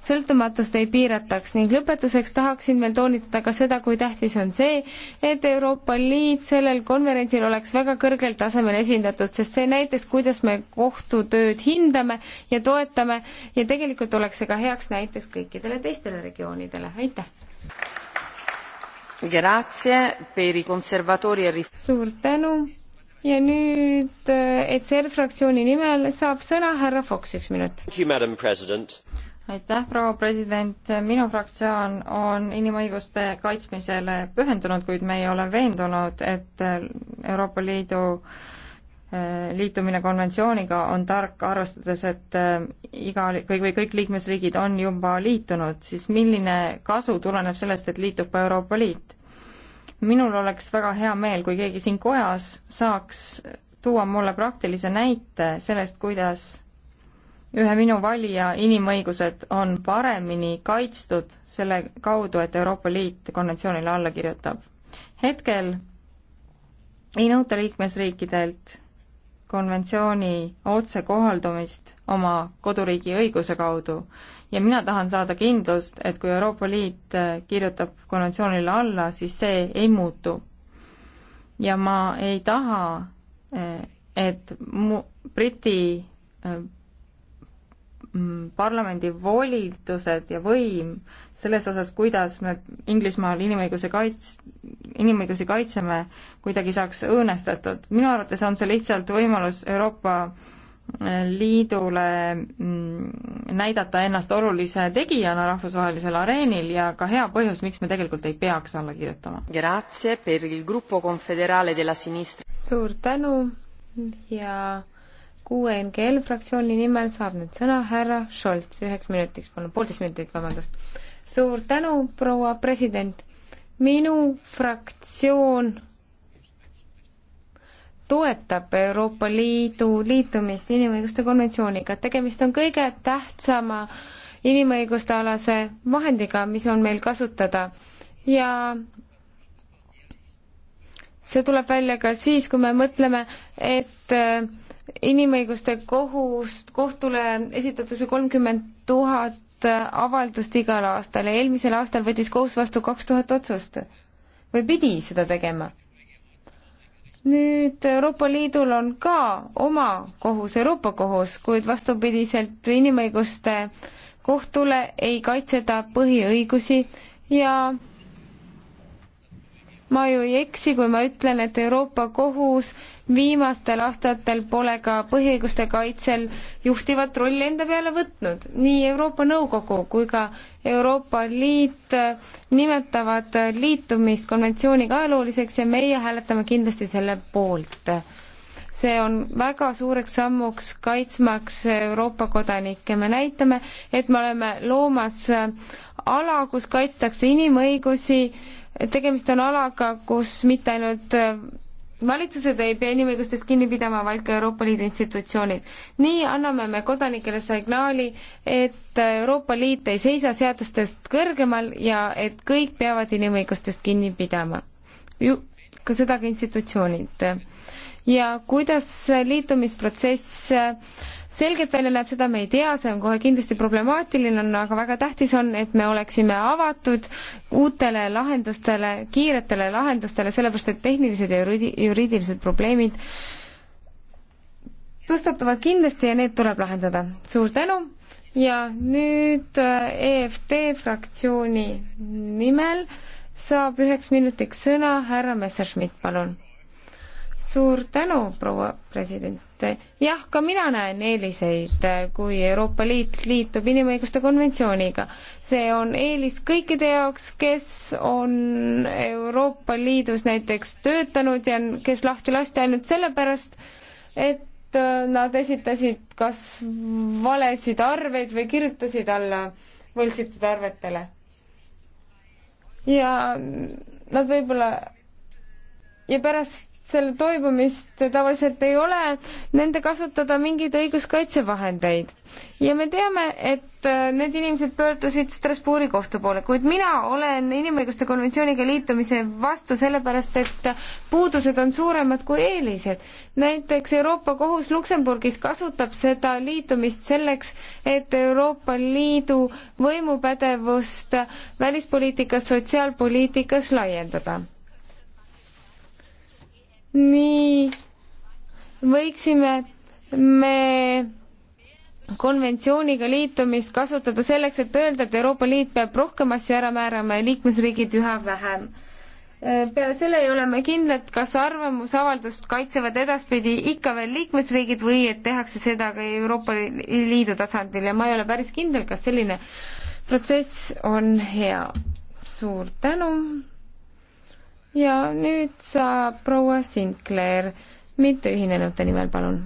sõltumatust ei piirataks ning lõpetuseks tahaksin veel toonitada ka seda, kui tähtis on see, et Euroopa Liit sellel konverentsil oleks väga kõrgel tasemel esindatud, sest see näitas, kuidas me kohtutööd hindame ja toetame ja tegelikult oleks see ka heaks näiteks kõikidele teistele regioonidele, aitäh! E suur tänu ja nüüd äh, ECR fraktsiooni nimel saab sõna härra Fox, üks minut aitäh, proua president, minu fraktsioon on inimõiguste kaitsmisele pühendunud, kuid me ei ole veendunud, et Euroopa Liidu eh, liitumine konventsiooniga on tark, arvestades, et eh, iga või, või kõik liikmesriigid on juba liitunud, siis milline kasu tuleneb sellest, et liitub ka Euroopa Liit? minul oleks väga hea meel, kui keegi siin kojas saaks tuua mulle praktilise näite sellest, kuidas ühe minu valija inimõigused on paremini kaitstud selle kaudu, et Euroopa Liit konventsioonile alla kirjutab. hetkel ei nõuta liikmesriikidelt konventsiooni otsekohaldumist oma koduriigi õiguse kaudu ja mina tahan saada kindlust, et kui Euroopa Liit äh, kirjutab konventsioonile alla, siis see ei muutu. ja ma ei taha, äh, et mu Briti äh, Mm, parlamendi volitused ja võim selles osas, kuidas me Inglismaal inimõiguse kaits-, inimõigusi kaitseme, kuidagi saaks õõnestatud. minu arvates on see lihtsalt võimalus Euroopa eh, Liidule mm, näidata ennast olulise tegijana rahvusvahelisel areenil ja ka hea põhjus, miks me tegelikult ei peaks alla kirjutama. suur tänu ja kuue NGL fraktsiooni nimel saab nüüd sõna härra Scholz üheks minutiks, palun, poolteist minutit, vabandust. suur tänu, proua president. minu fraktsioon toetab Euroopa Liidu liitumist inimõiguste konventsiooniga, tegemist on kõige tähtsama inimõiguste alase vahendiga, mis on meil kasutada ja see tuleb välja ka siis, kui me mõtleme, et äh, inimõiguste kohust, kohtule esitatakse kolmkümmend tuhat avaldust igal aastal ja eelmisel aastal võttis kohus vastu kaks tuhat otsust või pidi seda tegema. nüüd Euroopa Liidul on ka oma kohus, Euroopa kohus, kuid vastupidiselt inimõiguste kohtule ei kaitse ta põhiõigusi ja ma ju ei eksi, kui ma ütlen, et Euroopa kohus viimastel aastatel pole ka põhiõiguste kaitsel juhtivat rolli enda peale võtnud. nii Euroopa Nõukogu kui ka Euroopa Liit äh, nimetavad äh, liitumist konventsiooniga ajalooliseks ja meie hääletame kindlasti selle poolt. see on väga suureks sammuks kaitsmaks Euroopa kodanikke. me näitame, et me oleme loomas äh, ala, kus kaitstakse inimõigusi, tegemist on alaga, kus mitte ainult valitsused ei pea inimõigustest kinni pidama, vaid ka Euroopa Liidu institutsioonid. nii anname me kodanikele signaali, et Euroopa Liit ei seisa seadustest kõrgemal ja et kõik peavad inimõigustest kinni pidama. ju-, ka seda ka institutsioonid. ja kuidas liitumisprotsess selgelt välja näeb, seda me ei tea, see on kohe kindlasti problemaatiline, aga väga tähtis on, et me oleksime avatud uutele lahendustele, kiiretele lahendustele, sellepärast et tehnilised ja juriidilised probleemid tõstatuvad kindlasti ja need tuleb lahendada. suur tänu ja nüüd äh, EFT fraktsiooni nimel saab üheks minutiks sõna härra Messerschmidt, palun suur tänu, proua president. jah, ka mina näen eeliseid, kui Euroopa Liit liitub inimõiguste konventsiooniga. see on eelis kõikide jaoks, kes on Euroopa Liidus näiteks töötanud ja kes lahti lasti ainult sellepärast, et nad esitasid kas valesid arveid või kirjutasid alla võltsitud arvetele. ja nad võib-olla ja pärast seal toibumist tavaliselt ei ole, nende kasutada mingeid õiguskaitsevahendeid. ja me teame, et äh, need inimesed pöördusid Strasbourgi kohtu poole, kuid mina olen inimõiguste konventsiooniga liitumise vastu, sellepärast et puudused on suuremad kui eelised. näiteks Euroopa Kohus Luksemburgis kasutab seda liitumist selleks, et Euroopa Liidu võimupädevust välispoliitikas, sotsiaalpoliitikas laiendada nii võiksime me konventsiooniga liitumist kasutada selleks, et öelda, et Euroopa Liit peab rohkem asju ära määrama ja liikmesriigid üha vähem. Äh, peale selle ei ole me kindlad, kas arvamusavaldust kaitsevad edaspidi ikka veel liikmesriigid või et tehakse seda ka Euroopa Liidu tasandil ja ma ei ole päris kindel, kas selline protsess on hea. suur tänu! ja nüüd saab proua Sinclair mitteühinenute nimel, palun.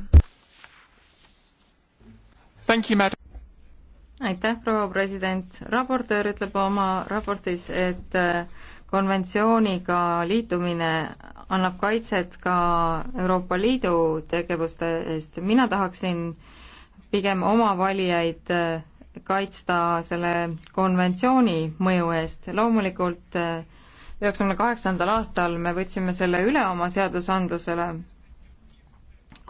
aitäh, proua president. raportöör ütleb oma raportis, et äh, konventsiooniga liitumine annab kaitset ka Euroopa Liidu tegevuste eest. mina tahaksin pigem oma valijaid äh, kaitsta selle konventsiooni mõju eest. loomulikult äh, üheksakümne kaheksandal aastal me võtsime selle üle oma seadusandlusele,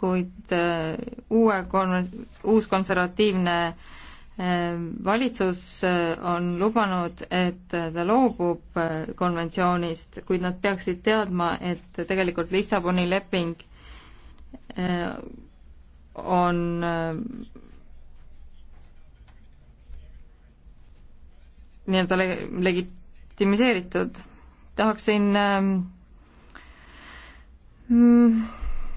kuid äh, uue kon-, uus konservatiivne äh, valitsus äh, on lubanud, et ta loobub konventsioonist, kuid nad peaksid teadma, et tegelikult Lissaboni leping on nii-öelda legitimiseeritud tahaksin ähm, mm,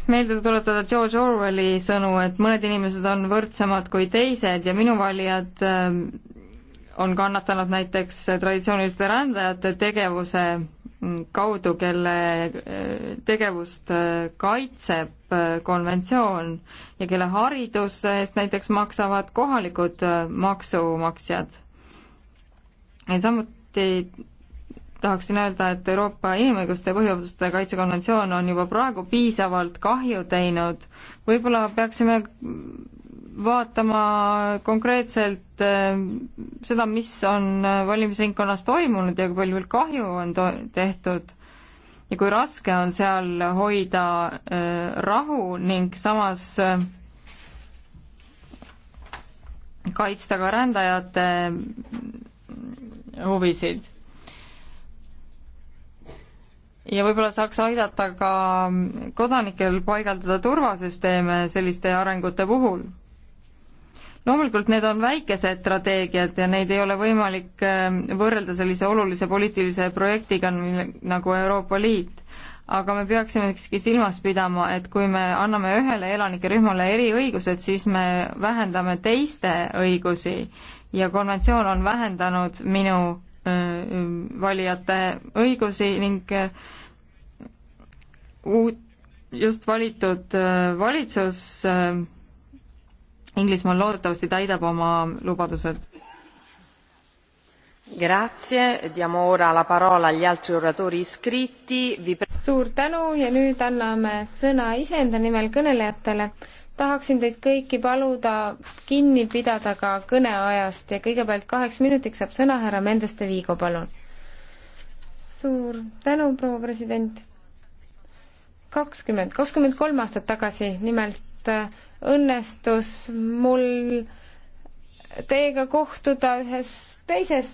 meelde tuletada George Orwelli sõnu, et mõned inimesed on võrdsemad kui teised ja minu valijad ähm, on kannatanud näiteks traditsiooniliste rändajate tegevuse mm, kaudu, kelle äh, tegevust äh, kaitseb äh, konventsioon ja kelle hariduse eest näiteks maksavad kohalikud maksumaksjad. ja samuti tahaksin öelda, et Euroopa Inimõiguste ja Põhiõiguste Kaitsekonventsioon on juba praegu piisavalt kahju teinud, võib-olla peaksime vaatama konkreetselt eh, seda, mis on valimisringkonnas toimunud ja kui palju kahju on to-, tehtud ja kui raske on seal hoida eh, rahu ning samas eh, kaitsta ka rändajate huvisid ja võib-olla saaks aidata ka kodanikel paigaldada turvasüsteeme selliste arengute puhul. loomulikult need on väikesed strateegiad ja neid ei ole võimalik eh, võrrelda sellise olulise poliitilise projektiga nagu Euroopa Liit, aga me peaksime siiski silmas pidama, et kui me anname ühele elanikerühmale eriõigused, siis me vähendame teiste õigusi ja konventsioon on vähendanud minu Äh, valijate õigusi ning äh, uut, just valitud äh, valitsus Inglismaal loodetavasti täidab oma lubadused. Grazie, diamo ora la parola agli altri oratori iscritti Vi.... suur tänu ja nüüd anname sõna iseenda nimel kõnelejatele tahaksin teid kõiki paluda kinni pidada ka kõneajast ja kõigepealt kaheks minutiks saab sõna härra Mendeste Viigo, palun. suur tänu, proua president. kakskümmend, kakskümmend kolm aastat tagasi nimelt äh, õnnestus mul teiega kohtuda ühes teises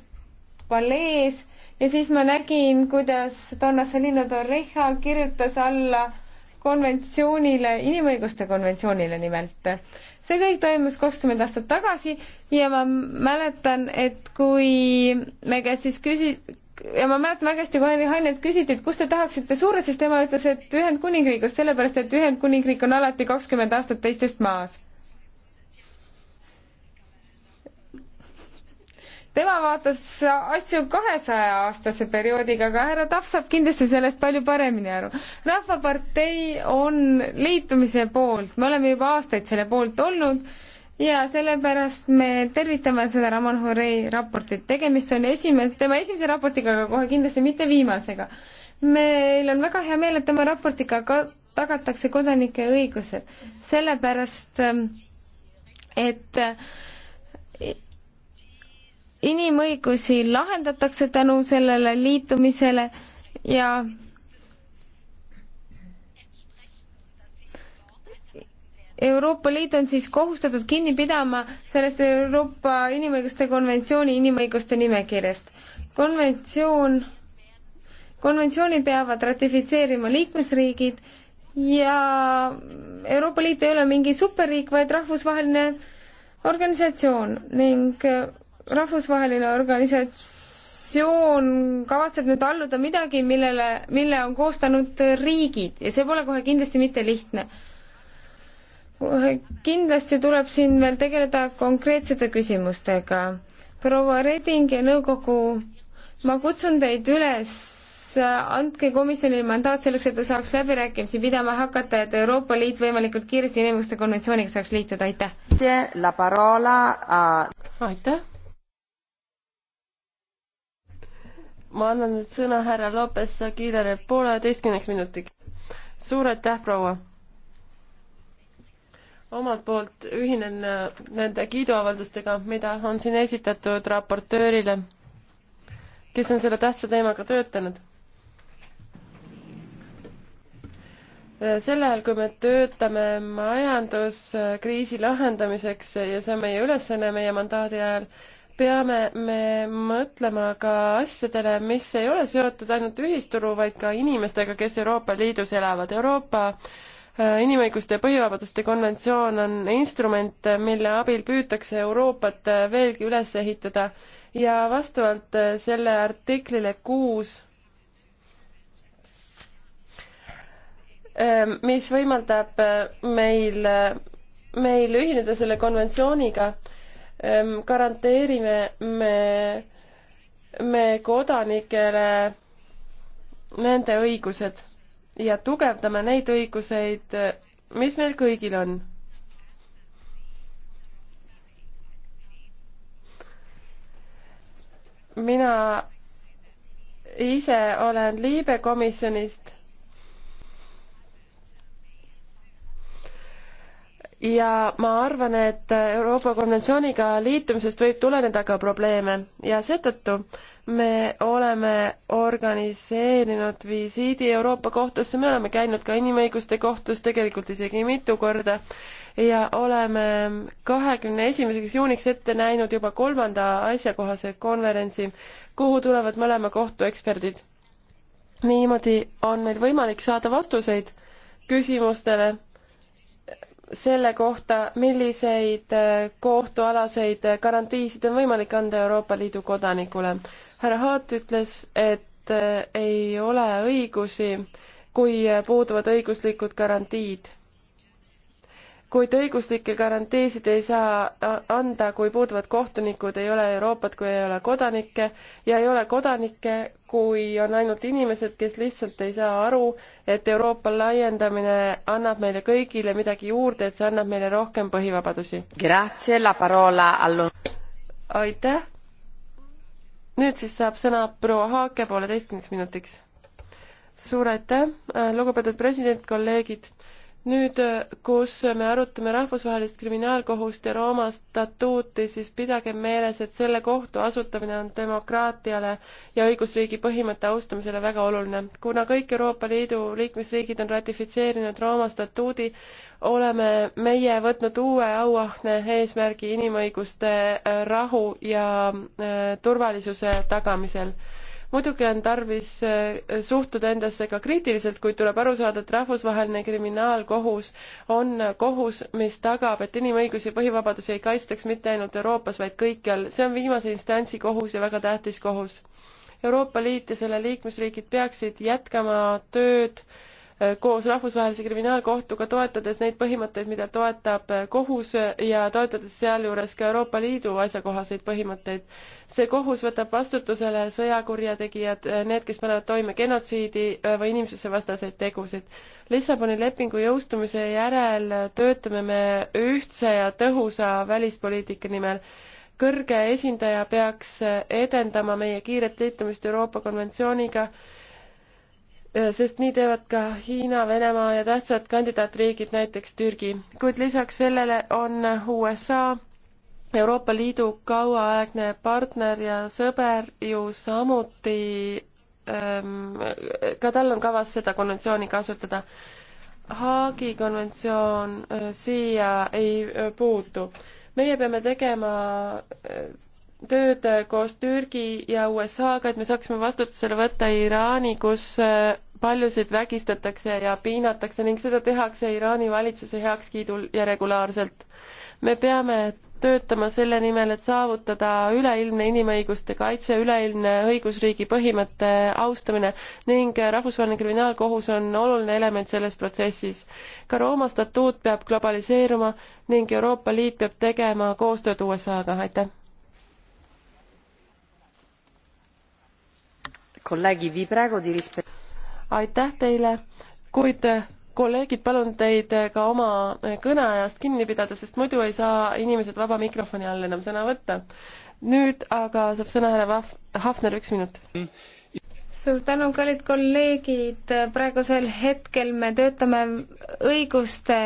palees ja siis ma nägin, kuidas Donna Selina Torreja kirjutas alla konventsioonile, inimõiguste konventsioonile nimelt. see kõik toimus kakskümmend aastat tagasi ja ma mäletan, et kui me käis siis küsi-, ja ma mäletan väga hästi, kui Henri Hannelt küsiti, et kus te tahaksite surra, siis tema ütles, et Ühendkuningriigis, sellepärast et Ühendkuningriik on alati kakskümmend aastat teistest maas tema vaatas asju kahesaja aastase perioodiga, aga härra Tahv saab kindlasti sellest palju paremini aru. rahvapartei on liitumise poolt, me oleme juba aastaid selle poolt olnud ja sellepärast me tervitame seda Ramon Horei raportit. tegemist on esimese, tema esimese raportiga, aga kohe kindlasti mitte viimasega. meil on väga hea meel, et tema raportiga ka tagatakse kodanike õigused, sellepärast ähm, et inimõigusi lahendatakse tänu sellele liitumisele ja Euroopa Liit on siis kohustatud kinni pidama sellest Euroopa Inimõiguste Konventsiooni inimõiguste nimekirjast. konventsioon, konventsiooni peavad ratifitseerima liikmesriigid ja Euroopa Liit ei ole mingi superriik, vaid rahvusvaheline organisatsioon ning rahvusvaheline organisatsioon kavatseb nüüd alluda midagi, millele, mille on koostanud riigid ja see pole kohe kindlasti mitte lihtne. kindlasti tuleb siin veel tegeleda konkreetsete küsimustega. proua Reding ja nõukogu, ma kutsun teid üles andke komisjonile mandaat selleks, et ta saaks läbirääkimisi pidama hakata, et Euroopa Liit võimalikult kiiresti inimõiguste konventsiooniga saaks liituda, aitäh! aitäh! ma annan nüüd sõna härra Lopez Aguilar'e pooleteistkümneks minutiks. suur aitäh, proua! omalt poolt ühinen äh, nende kiiduavaldustega, mida on siin esitatud raportöörile, kes on selle tähtsa teemaga töötanud. Äh, sel ajal, kui me töötame majanduskriisi lahendamiseks ja see on meie ülesanne meie mandaadi ajal, peame me mõtlema ka asjadele, mis ei ole seotud ainult ühisturu, vaid ka inimestega, kes Euroopa Liidus elavad. Euroopa äh, inimõiguste ja põhivabaduste konventsioon on instrument, mille abil püütakse Euroopat äh, veelgi üles ehitada ja vastavalt äh, selle artiklile kuus mis võimaldab meil, meil ühineda selle konventsiooniga Ehm, garanteerime me, me kodanikele nende õigused ja tugevdame neid õiguseid, mis meil kõigil on. mina ise olen liibekomisjonist ja ma arvan, et Euroopa konventsiooniga liitumisest võib tuleneda ka probleeme ja seetõttu me oleme organiseerinud visiidi Euroopa kohtusse, me oleme käinud ka inimõiguste kohtus tegelikult isegi mitu korda ja oleme kahekümne esimeseks juuniks ette näinud juba kolmanda asjakohase konverentsi, kuhu tulevad mõlema kohtu eksperdid. niimoodi on meil võimalik saada vastuseid küsimustele selle kohta, milliseid äh, kohtualaseid äh, garantiisid on võimalik anda Euroopa Liidu kodanikule. härra Haat ütles, et äh, ei ole õigusi, kui puuduvad õiguslikud garantiid kuid õiguslikke garantiisid ei saa anda, kui puuduvad kohtunikud, ei ole Euroopat, kui ei ole kodanikke ja ei ole kodanikke, kui on ainult inimesed, kes lihtsalt ei saa aru, et Euroopa laiendamine annab meile kõigile midagi juurde, et see annab meile rohkem põhivabadusi. aitäh. nüüd siis saab sõna proua Haake pooleteistkümneks minutiks. suur aitäh, lugupeetud president, kolleegid nüüd, kus me arutame Rahvusvahelist Kriminaalkohust ja Rooma statuuti, siis pidagem meeles, et selle kohtu asutamine on demokraatiale ja õigusriigi põhimõtte austamisele väga oluline. kuna kõik Euroopa Liidu liikmesriigid on ratifitseerinud Rooma statuudi, oleme meie võtnud uue auahne eesmärgi inimõiguste rahu ja äh, turvalisuse tagamisel muidugi on tarvis eh, suhtuda endasse ka kriitiliselt, kuid tuleb aru saada, et rahvusvaheline kriminaalkohus on kohus, mis tagab, et inimõigusi ja põhivabadusi ei kaitstaks mitte ainult Euroopas, vaid kõikjal. see on viimase instantsi kohus ja väga tähtis kohus. Euroopa Liit ja selle liikmesriigid peaksid jätkama tööd äh, koos Rahvusvahelise Kriminaalkohtuga, toetades neid põhimõtteid, mida toetab kohus ja toetades sealjuures ka Euroopa Liidu asjakohaseid põhimõtteid. see kohus võtab vastutusele sõjakurjategijad, need, kes panevad toime genotsiidi äh, või inimsusevastaseid tegusid. Lissaboni lepingu jõustumise järel töötame me ühtse ja tõhusa välispoliitika nimel kõrge esindaja peaks edendama meie kiiret liitumist Euroopa konventsiooniga Äh, sest nii teevad ka Hiina, Venemaa ja tähtsad kandidaatriigid, näiteks Türgi. kuid lisaks sellele on USA Euroopa Liidu kauaaegne partner ja sõber ju samuti ähm,, ka tal on kavas seda konventsiooni kasutada. Haagi konventsioon äh, siia ei äh, puutu. meie peame tegema äh, tööd äh, koos Türgi ja USA-ga, et me saaksime vastutusele võtta Iraani, kus äh, paljusid vägistatakse ja piinatakse ning seda tehakse Iraani valitsuse heakskiidul ja regulaarselt. me peame töötama selle nimel, et saavutada üleilmne inimõiguste kaitse, üleilmne õigusriigi põhimõtte austamine ning Rahvusvaheline Kriminaalkohus on oluline element selles protsessis. ka Rooma statuut peab globaliseeruma ning Euroopa Liit peab tegema koostööd USA-ga, aitäh! kolleegi, vi prego di rispet- aitäh teile, kuid kolleegid, palun teid ka oma kõneajast kinni pidada, sest muidu ei saa inimesed vaba mikrofoni all enam sõna võtta. nüüd aga saab sõna härra Hafner, üks minut. suur tänu, kallid kolleegid, praegusel hetkel me töötame õiguste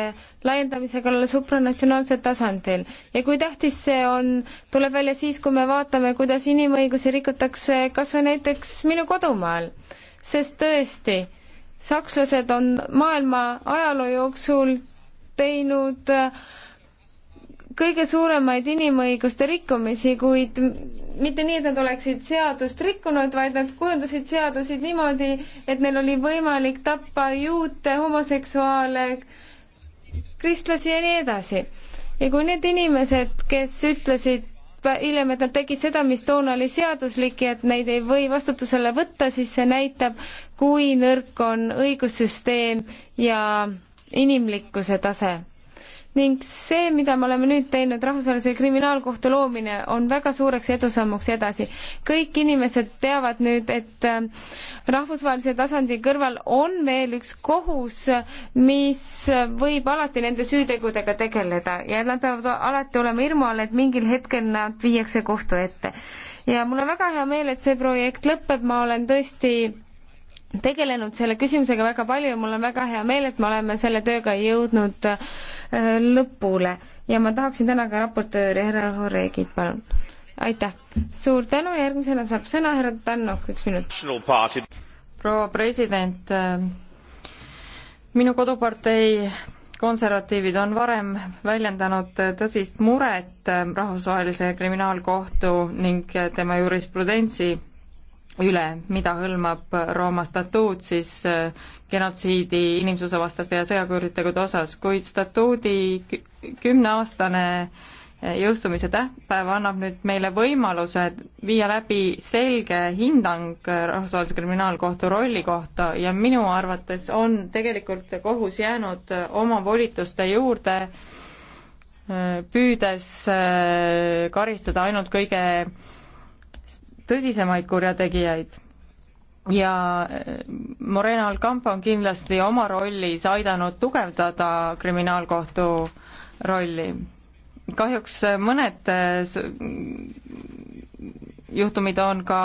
laiendamise kallal supranatsionaalsel tasandil ja kui tähtis see on, tuleb välja siis, kui me vaatame, kuidas inimõigusi rikutakse kas või näiteks minu kodumaal sest tõesti, sakslased on maailma ajaloo jooksul teinud äh, kõige suuremaid inimõiguste rikkumisi, kuid mitte nii, et nad oleksid seadust rikkunud, vaid nad kujundasid seadusi niimoodi, et neil oli võimalik tappa juute, homoseksuaale, kristlasi ja nii edasi. ja kui need inimesed, kes ütlesid hiljem, et nad tegid seda, mis toona oli seaduslik ja et neid ei või vastutusele võtta, siis see näitab, kui nõrk on õigussüsteem ja inimlikkuse tase ning see, mida me oleme nüüd teinud, Rahvusvahelise Kriminaalkohtu loomine, on väga suureks edusammuks edasi. kõik inimesed teavad nüüd, et äh, rahvusvahelise tasandi kõrval on veel üks kohus, mis võib alati nende süütegudega tegeleda ja nad peavad alati olema hirmu all, et mingil hetkel nad viiakse kohtu ette. ja mul on väga hea meel, et see projekt lõpeb, ma olen tõesti tegelenud selle küsimusega väga palju ja mul on väga hea meel, et me oleme selle tööga jõudnud äh, lõpule ja ma tahaksin täna ka raportööri härra Horegit, palun. aitäh. suur tänu, järgmisena saab sõna härra Tannok, üks minut. proua president, äh, minu kodupartei konservatiivid on varem väljendanud tõsist muret äh, rahvusvahelise kriminaalkohtu ning tema jurisprudentsi üle, mida hõlmab Rooma statuut siis äh, genotsiidi, inimsusevastaste ja sõjakuritegude osas, kuid statuudi kümneaastane äh, jõustumise tähtpäev annab nüüd meile võimaluse viia läbi selge hindang äh, Rahvusvahelise Kriminaalkohtu rolli kohta ja minu arvates on tegelikult kohus jäänud oma volituste juurde, püüdes karistada ainult kõige tõsisemaid kurjategijaid ja äh, Morena Alcampo on kindlasti oma rollis aidanud tugevdada kriminaalkohtu rolli. kahjuks äh, mõned äh, juhtumid on ka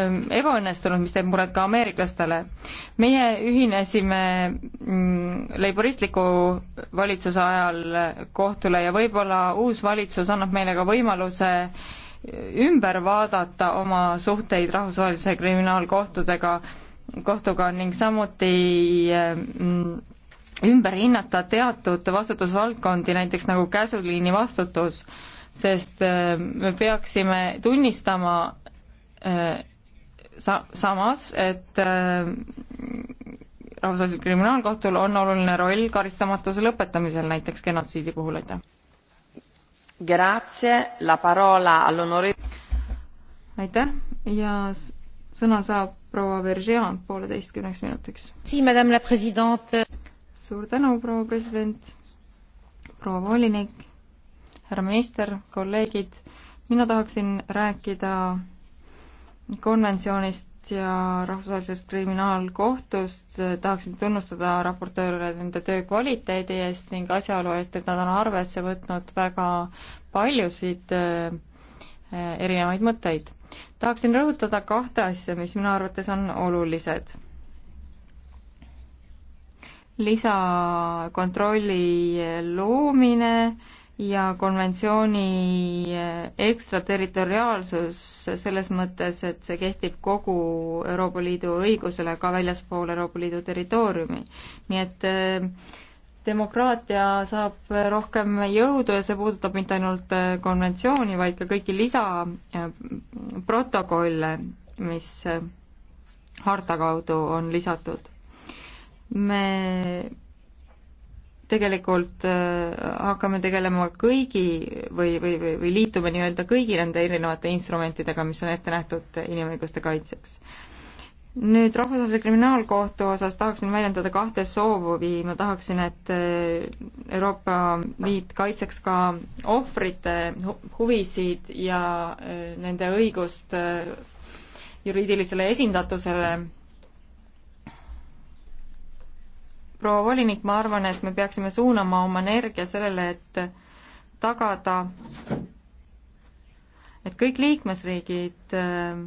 ähm, ebaõnnestunud, mis teeb muret ka ameeriklastele. meie ühinesime mm, leiboristliku valitsuse ajal kohtule ja võib-olla uus valitsus annab meile ka võimaluse ümber vaadata oma suhteid rahvusvahelise kriminaalkohtudega, kohtuga ning samuti mm, ümber hinnata teatud vastutusvaldkondi, näiteks nagu käsuliini vastutus, sest äh, me peaksime tunnistama äh, sa-, samas, et äh, rahvusvahelisel kriminaalkohtul on oluline roll karistamatuse lõpetamisel, näiteks genotsiidi puhul, aitäh aitäh ja sõna saab proua Vergeon pooleteistkümneks minutiks. suur tänu, proua president, proua volinik, härra minister, kolleegid. mina tahaksin rääkida konventsioonist ja Rahvusvahelisest Kriminaalkohtust eh, tahaksin tunnustada raportööre nende töö kvaliteedi eest ning asjaolu eest, et nad on arvesse võtnud väga paljusid eh, eh, erinevaid mõtteid. tahaksin rõhutada kahte asja, mis minu arvates on olulised. lisakontrolli loomine ja konventsiooni eh, ekstraterritoriaalsus selles mõttes, et see kehtib kogu Euroopa Liidu õigusele ka väljaspool Euroopa Liidu territooriumi. nii et eh, demokraatia saab rohkem jõudu ja see puudutab mitte ainult eh, konventsiooni, vaid ka kõiki lisaprotokolle, mis harta kaudu on lisatud. me tegelikult äh, hakkame tegelema kõigi või, või, või, või liitume nii-öelda kõigi nende erinevate instrumentidega, mis on ette nähtud inimõiguste kaitseks nüüd Rahvusvahelise Kriminaalkohtu osas tahaksin väljendada kahte soovi, ma tahaksin, et äh, Euroopa Liit kaitseks ka ohvrite huvisid ja äh, nende õigust juriidilisele esindatusele proua volinik, ma arvan, et me peaksime suunama oma energia sellele, et tagada, et kõik liikmesriigid äh,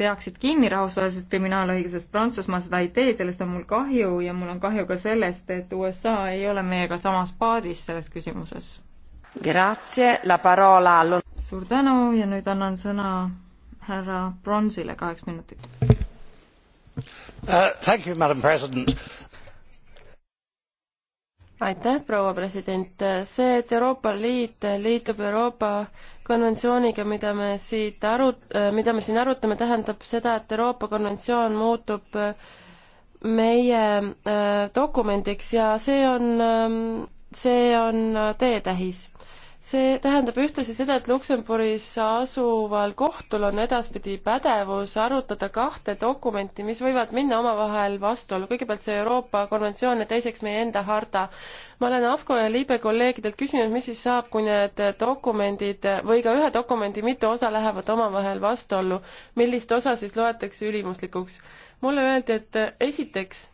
peaksid kinni rahvusvahelisest kriminaalõigusest. Prantsusmaa seda ei tee, sellest on mul kahju ja mul on kahju ka sellest, et USA ei ole meiega samas paadis selles küsimuses. suur tänu ja nüüd annan sõna härra Bronsile kaheks minutiks Uh, aitäh, proua president. see, et Euroopa Liit liitub Euroopa konventsiooniga, mida me siit aru-, äh, mida me siin arutame, tähendab seda, et Euroopa konventsioon muutub äh, meie äh, dokumendiks ja see on, ähm, see on teetähis see tähendab ühtlasi seda, et Luksemburis asuval kohtul on edaspidi pädevus arutada kahte dokumenti, mis võivad minna omavahel vastuollu. kõigepealt see Euroopa konventsioon ja teiseks meie enda harta. ma olen AFCO ja Liibe kolleegidelt küsinud, mis siis saab, kui need dokumendid või ka ühe dokumendi mitu osa lähevad omavahel vastuollu. millist osa siis loetakse ülimuslikuks? mulle öeldi, et esiteks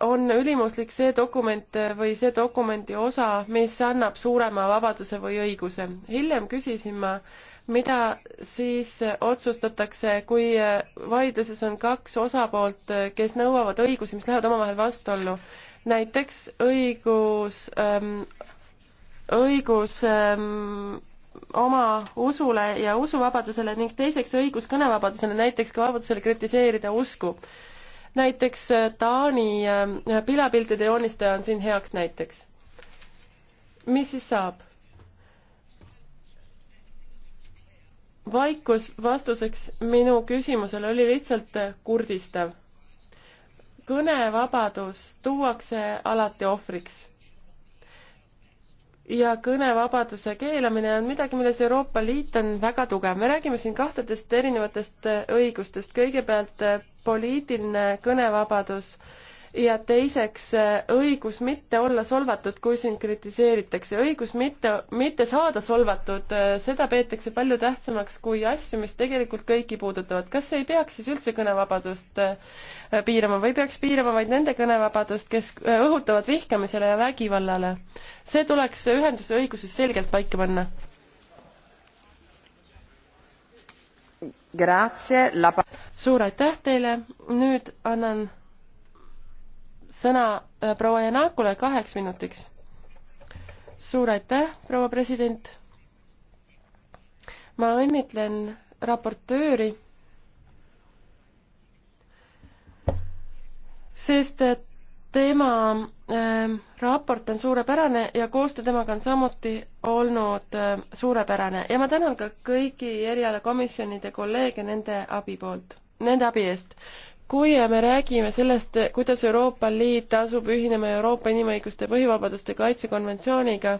on ülimuslik see dokument või see dokumendi osa, mis annab suurema vabaduse või õiguse. hiljem küsisin ma, mida siis otsustatakse, kui vaidluses on kaks osapoolt, kes nõuavad õigusi, mis lähevad omavahel vastuollu. näiteks õigus ähm,, õigus ähm, oma usule ja usuvabadusele ning teiseks õigus kõnevabadusele, näiteks ka vabadusele kritiseerida usku näiteks äh, Taani äh, pilapiltide joonistaja on siin heaks näiteks. mis siis saab? vaikus vastuseks minu küsimusele oli lihtsalt äh, kurdistav. kõnevabadus tuuakse alati ohvriks ja kõnevabaduse keelamine on midagi, milles Euroopa Liit on väga tugev. me räägime siin kahtedest erinevatest õigustest. kõigepealt eh, poliitiline kõnevabadus ja teiseks äh, õigus mitte olla solvatud, kui sind kritiseeritakse, õigus mitte, mitte saada solvatud, äh, seda peetakse palju tähtsamaks kui asju, mis tegelikult kõiki puudutavad. kas ei peaks siis üldse kõnevabadust äh, piirama või peaks piirama vaid nende kõnevabadust, kes õhutavad vihkamisele ja vägivallale? see tuleks ühenduse õiguses selgelt paika panna. suur aitäh teile, nüüd annan sõna äh, proua Janakule kaheks minutiks. suur aitäh, proua president. ma õnnitlen raportööri, sest et äh, tema äh, raport on suurepärane ja koostöö temaga on samuti olnud äh, suurepärane ja ma tänan ka kõigi erialakomisjonide kolleege nende abi poolt, nende abi eest kui me räägime sellest, kuidas Euroopa Liit asub ühinema Euroopa inimõiguste põhivabaduste kaitsekonventsiooniga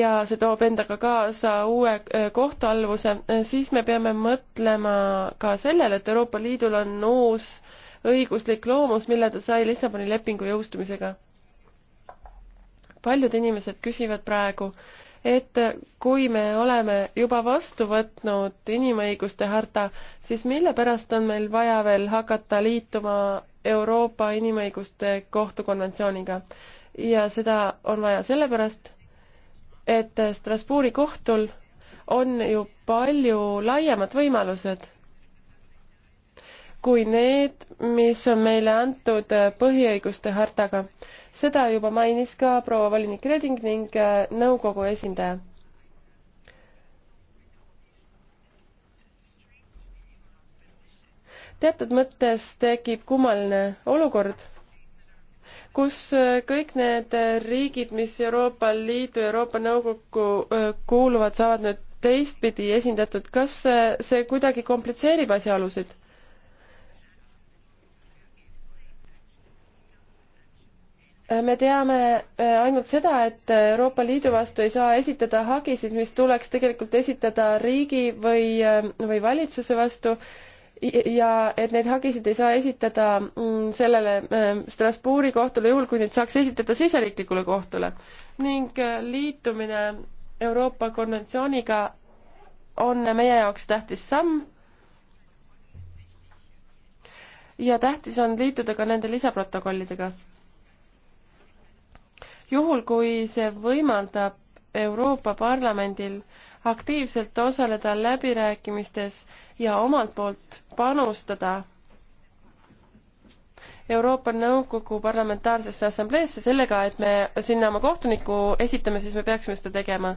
ja see toob endaga kaasa uue kohtualluvuse, siis me peame mõtlema ka sellele, et Euroopa Liidul on uus õiguslik loomus, mille ta sai Lissaboni lepingu jõustumisega. paljud inimesed küsivad praegu, et kui me oleme juba vastu võtnud inimõiguste harta, siis mille pärast on meil vaja veel hakata liituma Euroopa Inimõiguste Kohtu konventsiooniga? ja seda on vaja sellepärast, et Strasbourgi kohtul on ju palju laiemad võimalused kui need, mis on meile antud äh, põhiõiguste hartaga. seda juba mainis ka proua volinik Reding ning äh, nõukogu esindaja. teatud mõttes tekib kummaline olukord, kus äh, kõik need riigid, mis Euroopa Liidu, Euroopa Nõukokku kuuluvad, saavad nüüd teistpidi esindatud. kas see kuidagi komplitseerib asjaolusid? me teame äh, ainult seda, et Euroopa Liidu vastu ei saa esitada hagisid, mis tuleks tegelikult esitada riigi või, äh, või valitsuse vastu ja et neid hagisid ei saa esitada mm, sellele äh, Strasbourgi kohtule juhul, kui neid saaks esitada siseriiklikule kohtule. ning liitumine Euroopa konventsiooniga on meie jaoks tähtis samm ja tähtis on liituda ka nende lisaprotokollidega juhul, kui see võimaldab Euroopa Parlamendil aktiivselt osaleda läbirääkimistes ja omalt poolt panustada Euroopa Nõukogu Parlamentaarsesse Assambleesse sellega, et me sinna oma kohtuniku esitame, siis me peaksime seda tegema.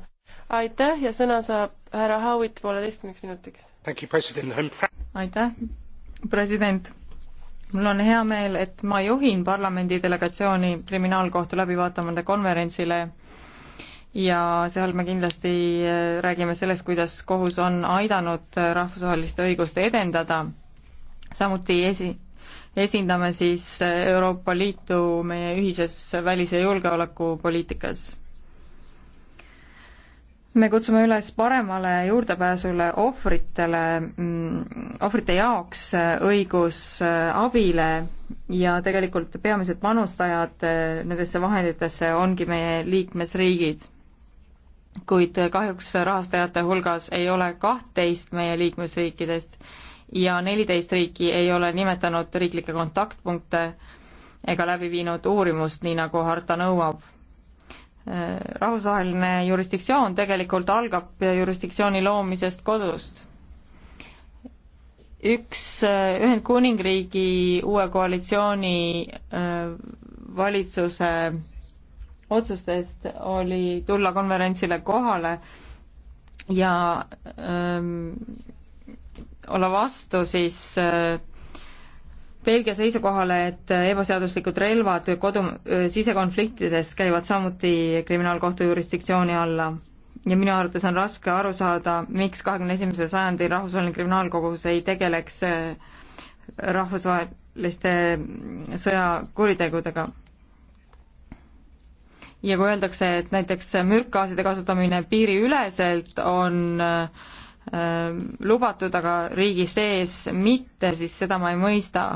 aitäh ja sõna saab härra Howitt pooleteistkümneks minutiks. aitäh, president mul on hea meel, et ma juhin parlamendi delegatsiooni kriminaalkohtu läbivaatamata konverentsile ja seal me kindlasti äh, räägime sellest, kuidas kohus on aidanud äh, rahvusvahelist õigust edendada. samuti esi, esindame siis äh, Euroopa Liitu meie ühises välis- ja julgeolekupoliitikas me kutsume üles paremale juurdepääsule ohvritele, mm, ohvrite jaoks äh, õigusabile äh, ja tegelikult peamised panustajad äh, nendesse vahenditesse ongi meie liikmesriigid. kuid kahjuks rahastajate hulgas ei ole kahtteist meie liikmesriikidest ja neliteist riiki ei ole nimetanud riiklikke kontaktpunkte ega läbi viinud uurimust, nii nagu harta nõuab rahvusvaheline jurisdiktsioon tegelikult algab jurisdiktsiooni loomisest kodust. üks äh, Ühendkuningriigi uue koalitsiooni äh, valitsuse otsustest oli tulla konverentsile kohale ja öö, ähm, olla vastu siis öö, äh, Belgia seisukohale, et ebaseaduslikud relvad kodu, sisekonfliktides käivad samuti kriminaalkohtu jurisdiktsiooni alla. ja minu arvates on raske aru saada, miks kahekümne esimesel sajandil Rahvusvaheline Kriminaalkogus ei tegeleks äh, rahvusvaheliste mm, sõjakuritegudega. ja kui öeldakse, et näiteks mürkgaaside kasutamine piiriüleselt on äh, lubatud, aga riigi sees mitte, siis seda ma ei mõista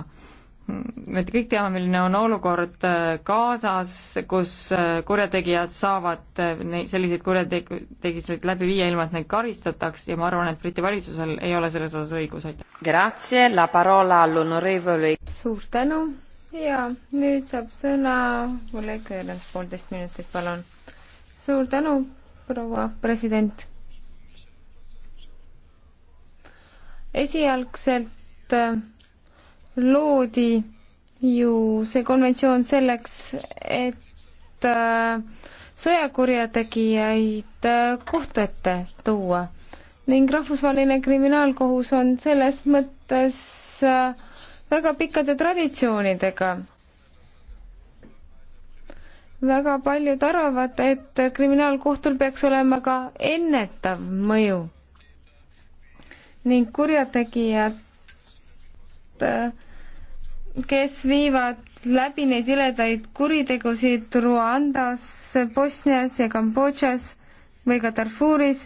me kõik teame, milline on olukord äh, Gazas, kus äh, kurjategijad saavad äh, neid, selliseid kurjategijaid läbi viia, ilma et neid karistataks ja ma arvan, et Briti valitsusel ei ole selles osas õigus, aitäh. suur tänu ja nüüd saab sõna kolleeg Jürgen, poolteist minutit, palun. suur tänu, proua president. esialgselt loodi ju see konventsioon selleks, et äh, sõjakurjategijaid äh, kohtu ette tuua ning Rahvusvaheline Kriminaalkohus on selles mõttes äh, väga pikkade traditsioonidega. väga paljud arvavad, et kriminaalkohtul peaks olema ka ennetav mõju ning kurjategijad Äh, kes viivad läbi neid jõledaid kuritegusid Ruandas, Bosnias ja Kambodžas või ka Darfuris.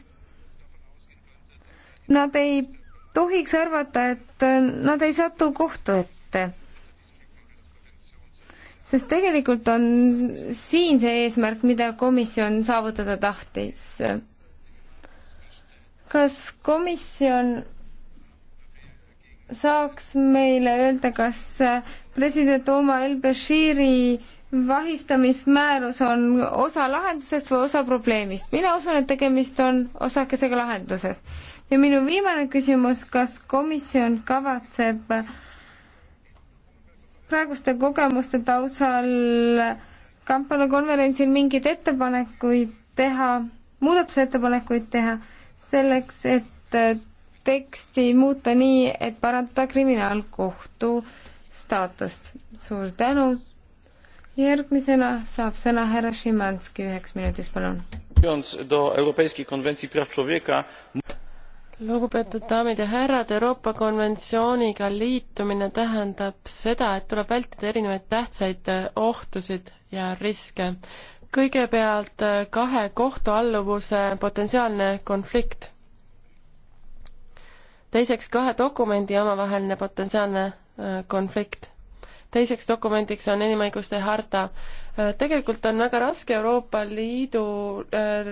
Nad ei tohiks arvata, et äh, nad ei satu kohtu ette. sest tegelikult on siin see eesmärk, mida komisjon saavutada tahtis. kas komisjon saaks meile öelda, kas äh, president Omar el-Bashiri vahistamismäärus on osa lahendusest või osa probleemist? mina usun, et tegemist on osakesega lahendusest. ja minu viimane küsimus, kas komisjon kavatseb praeguste kogemuste tausal Kampala konverentsil mingeid ettepanekuid teha, muudatusettepanekuid teha selleks, et teksti muuta nii, et parandada kriminaalkohtu staatust. suur tänu. järgmisena saab sõna härra Šimanski üheks minutiks, palun. lugupeetud daamid ja härrad, Euroopa konventsiooniga liitumine tähendab seda, et tuleb vältida erinevaid tähtsaid äh, ohtusid ja riske. kõigepealt äh, kahe kohtualluvuse potentsiaalne konflikt teiseks, kahe dokumendi omavaheline potentsiaalne äh, konflikt. teiseks dokumendiks on inimõiguste harta. Äh, tegelikult on väga raske Euroopa Liidu äh,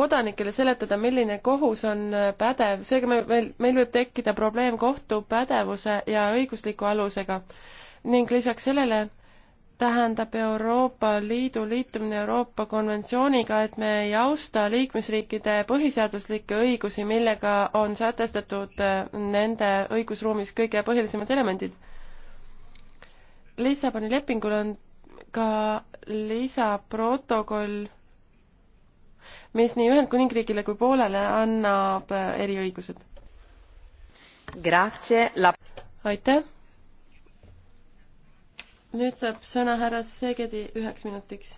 kodanikele seletada, milline kohus on pädev, seega me veel, meil võib tekkida probleem kohtu pädevuse ja õigusliku alusega. ning lisaks sellele tähendab Euroopa Liidu liitumine Euroopa konventsiooniga, et me ei austa liikmesriikide põhiseaduslikke õigusi, millega on sätestatud äh, nende õigusruumis kõige põhilisemad elemendid. Lissaboni lepingul on ka lisaprotokoll, mis nii Ühendkuningriigile kui Poolale annab äh, eriõigused. aitäh! nüüd saab sõna härra Segedi üheks minutiks.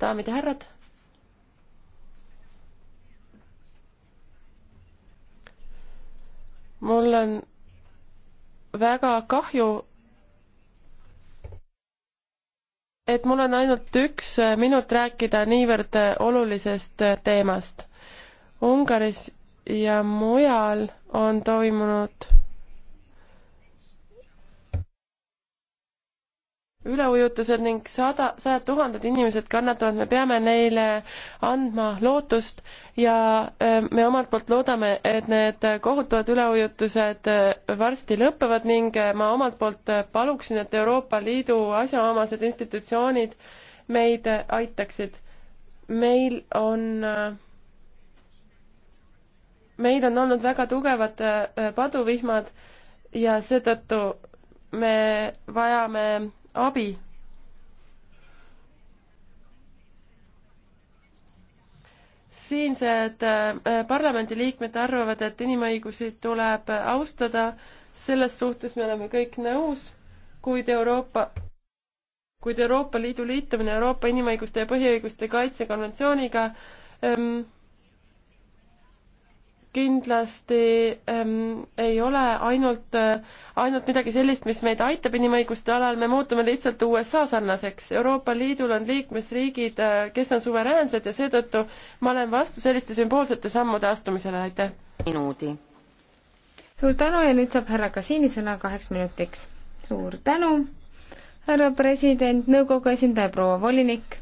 daamid ja härrad. mul on väga kahju, et mul on ainult üks minut rääkida niivõrd olulisest teemast. Ungaris ja mujal on toimunud üleujutused ning sada, sajad tuhanded inimesed kannatavad, me peame neile andma lootust ja äh, me omalt poolt loodame, et need kohutavad üleujutused äh, varsti lõpevad ning äh, ma omalt poolt paluksin, et Euroopa Liidu asjaomased institutsioonid meid aitaksid. meil on meil on olnud väga tugevad paduvihmad ja seetõttu me vajame abi. siinsed äh, parlamendiliikmed arvavad, et inimõigusi tuleb austada, selles suhtes me oleme kõik nõus, kuid Euroopa kuid Euroopa Liidu liitumine Euroopa inimõiguste ja põhiõiguste kaitse konventsiooniga ähm, kindlasti ähm, ei ole ainult äh,, ainult midagi sellist, mis meid aitab inimõiguste alal, me muutume lihtsalt USA sarnaseks. Euroopa Liidul on liikmesriigid äh,, kes on suveräänsed ja seetõttu ma olen vastu selliste sümboolsete sammude astumisele, aitäh. minuti. suur tänu ja nüüd saab härra Kasiini sõna kaheks minutiks. suur tänu, härra president, nõukogu esindaja, proua volinik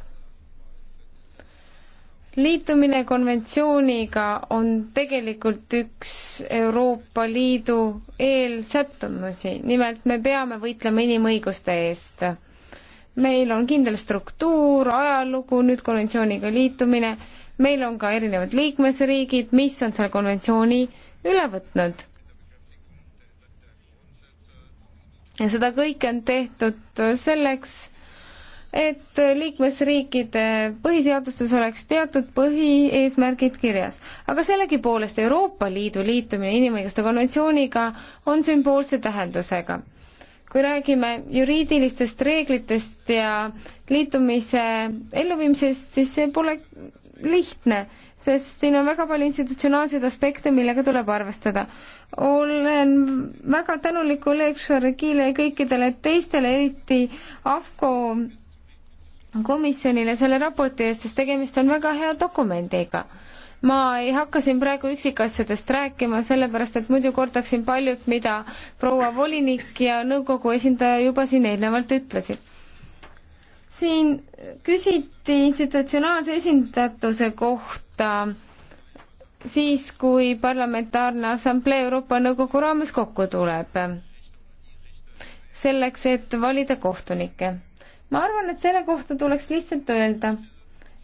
liitumine konventsiooniga on tegelikult üks Euroopa Liidu eelsättumusi, nimelt me peame võitlema inimõiguste eest. meil on kindel struktuur, ajalugu, nüüd konventsiooniga liitumine, meil on ka erinevad liikmesriigid, mis on selle konventsiooni üle võtnud. ja seda kõike on tehtud selleks, et liikmesriikide põhiseadustes oleks teatud põhieesmärgid kirjas. aga sellegipoolest Euroopa Liidu liitumine inimõiguste konventsiooniga on sümboolse tähendusega. kui räägime juriidilistest reeglitest ja liitumise elluviimisest, siis see pole lihtne, sest siin on väga palju institutsionaalseid aspekte, millega tuleb arvestada. olen väga tänulik kolleeg Šarekile ja kõikidele teistele, eriti AFCO komisjonile selle raporti eest, sest tegemist on väga hea dokumendiga. ma ei hakka siin praegu üksikasjadest rääkima, sellepärast et muidu kordaksin paljut, mida proua volinik ja nõukogu esindaja juba siin eelnevalt ütlesid. siin küsiti institutsionaalse esindatuse kohta siis, kui Parlamentaarne Assamblee Euroopa Nõukogu raames kokku tuleb, selleks, et valida kohtunikke ma arvan, et selle kohta tuleks lihtsalt öelda,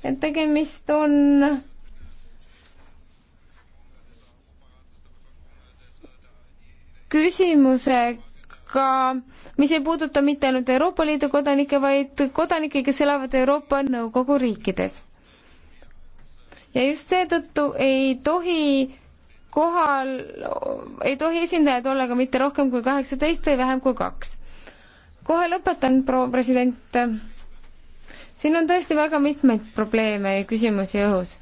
et tegemist on küsimusega, mis ei puuduta mitte ainult Euroopa Liidu kodanikke, vaid kodanikke, kes elavad Euroopa Nõukogu riikides. ja just seetõttu ei tohi kohal, ei tohi esindajad olla ka mitte rohkem kui kaheksateist või vähem kui kaks kohe lõpetan, proua president. siin on tõesti väga mitmeid probleeme ja küsimusi õhus.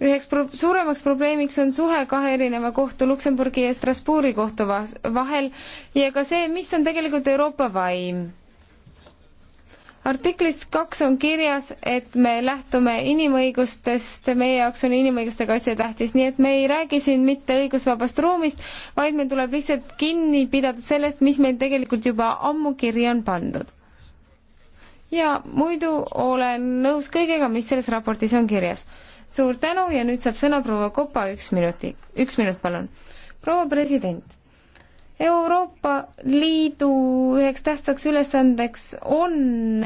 üheks pro suuremaks probleemiks on suhe kahe erineva kohtu, Luksemburgi ja Strasbourgi kohtu vahel ja ka see, mis on tegelikult Euroopa vaim artiklis kaks on kirjas, et me lähtume inimõigustest, meie jaoks on inimõiguste kaitse tähtis, nii et me ei räägi siin mitte õigusvabast ruumist, vaid meil tuleb lihtsalt kinni pidada sellest, mis meil tegelikult juba ammu kirja on pandud. ja muidu olen nõus kõigega, mis selles raportis on kirjas. suur tänu ja nüüd saab sõna proua Kopa, üks minuti, üks minut palun. proua president Euroopa Liidu üheks tähtsaks ülesandeks on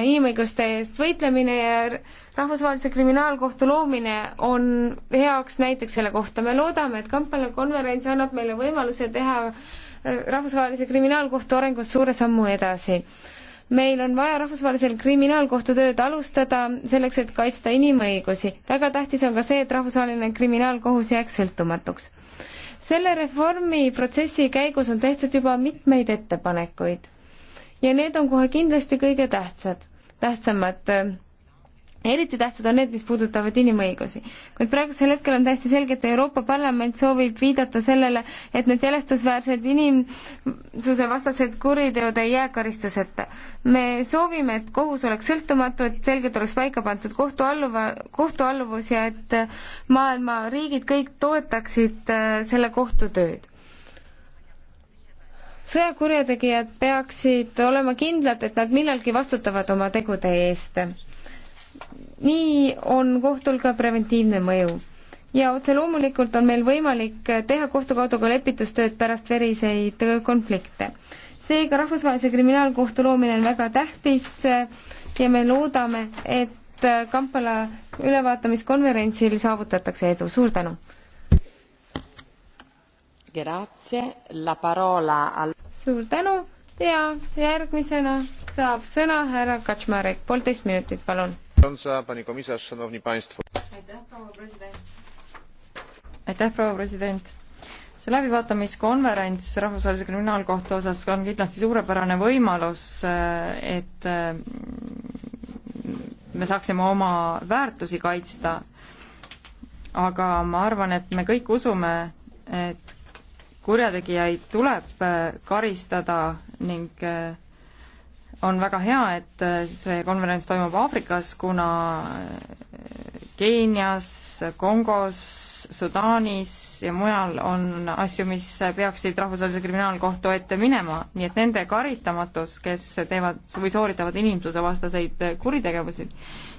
inimõiguste eest võitlemine ja rahvusvahelise kriminaalkohtu loomine on heaks näiteks selle kohta. me loodame, et Kampala konverents annab meile võimaluse teha äh, rahvusvahelise kriminaalkohtu arengust suure sammu edasi. meil on vaja rahvusvahelisel kriminaalkohtu tööd alustada selleks, et kaitsta inimõigusi. väga tähtis on ka see, et rahvusvaheline kriminaalkohus jääks sõltumatuks selle reformi protsessi käigus on tehtud juba mitmeid ettepanekuid ja need on kohe kindlasti kõige tähtsad, tähtsamad äh, eriti tähtsad on need, mis puudutavad inimõigusi. kuid praegusel hetkel on täiesti selge, et Euroopa Parlament soovib viidata sellele, et need jälestusväärsed inimsusevastased kuriteod ei jää karistuseta. me soovime, et kohus oleks sõltumatu, et selgelt oleks paika pandud kohtualluva, kohtualluvus ja et maailma riigid kõik toetaksid äh, selle kohtu tööd sõjakurjategijad peaksid olema kindlad, et nad millalgi vastutavad oma tegude eest nii on kohtul ka preventiivne mõju. ja otse loomulikult on meil võimalik teha kohtu kaudu ka lepitustööd pärast veriseid konflikte. seega Rahvusvahelise Kriminaalkohtu loomine on väga tähtis ja me loodame, et Kampala ülevaatamiskonverentsil saavutatakse edu, suur tänu! Al... suur tänu ja järgmisena saab sõna härra Kaczmarek, poolteist minutit, palun! aitäh, proua president! see läbivaatamiskonverents Rahvusvahelise Kriminaalkohtu osas on kindlasti suurepärane võimalus, eh, et eh, me saaksime oma väärtusi kaitsta, aga ma arvan, et me kõik usume, et kurjategijaid tuleb eh, karistada ning on väga hea, et äh, see konverents toimub Aafrikas, kuna äh, Keenias, Kongos, Sudaanis ja mujal on asju, mis peaksid Rahvusvahelise Kriminaalkohtu ette minema, nii et nende karistamatus, kes teevad või sooritavad inimsusevastaseid äh, kuritegevusi,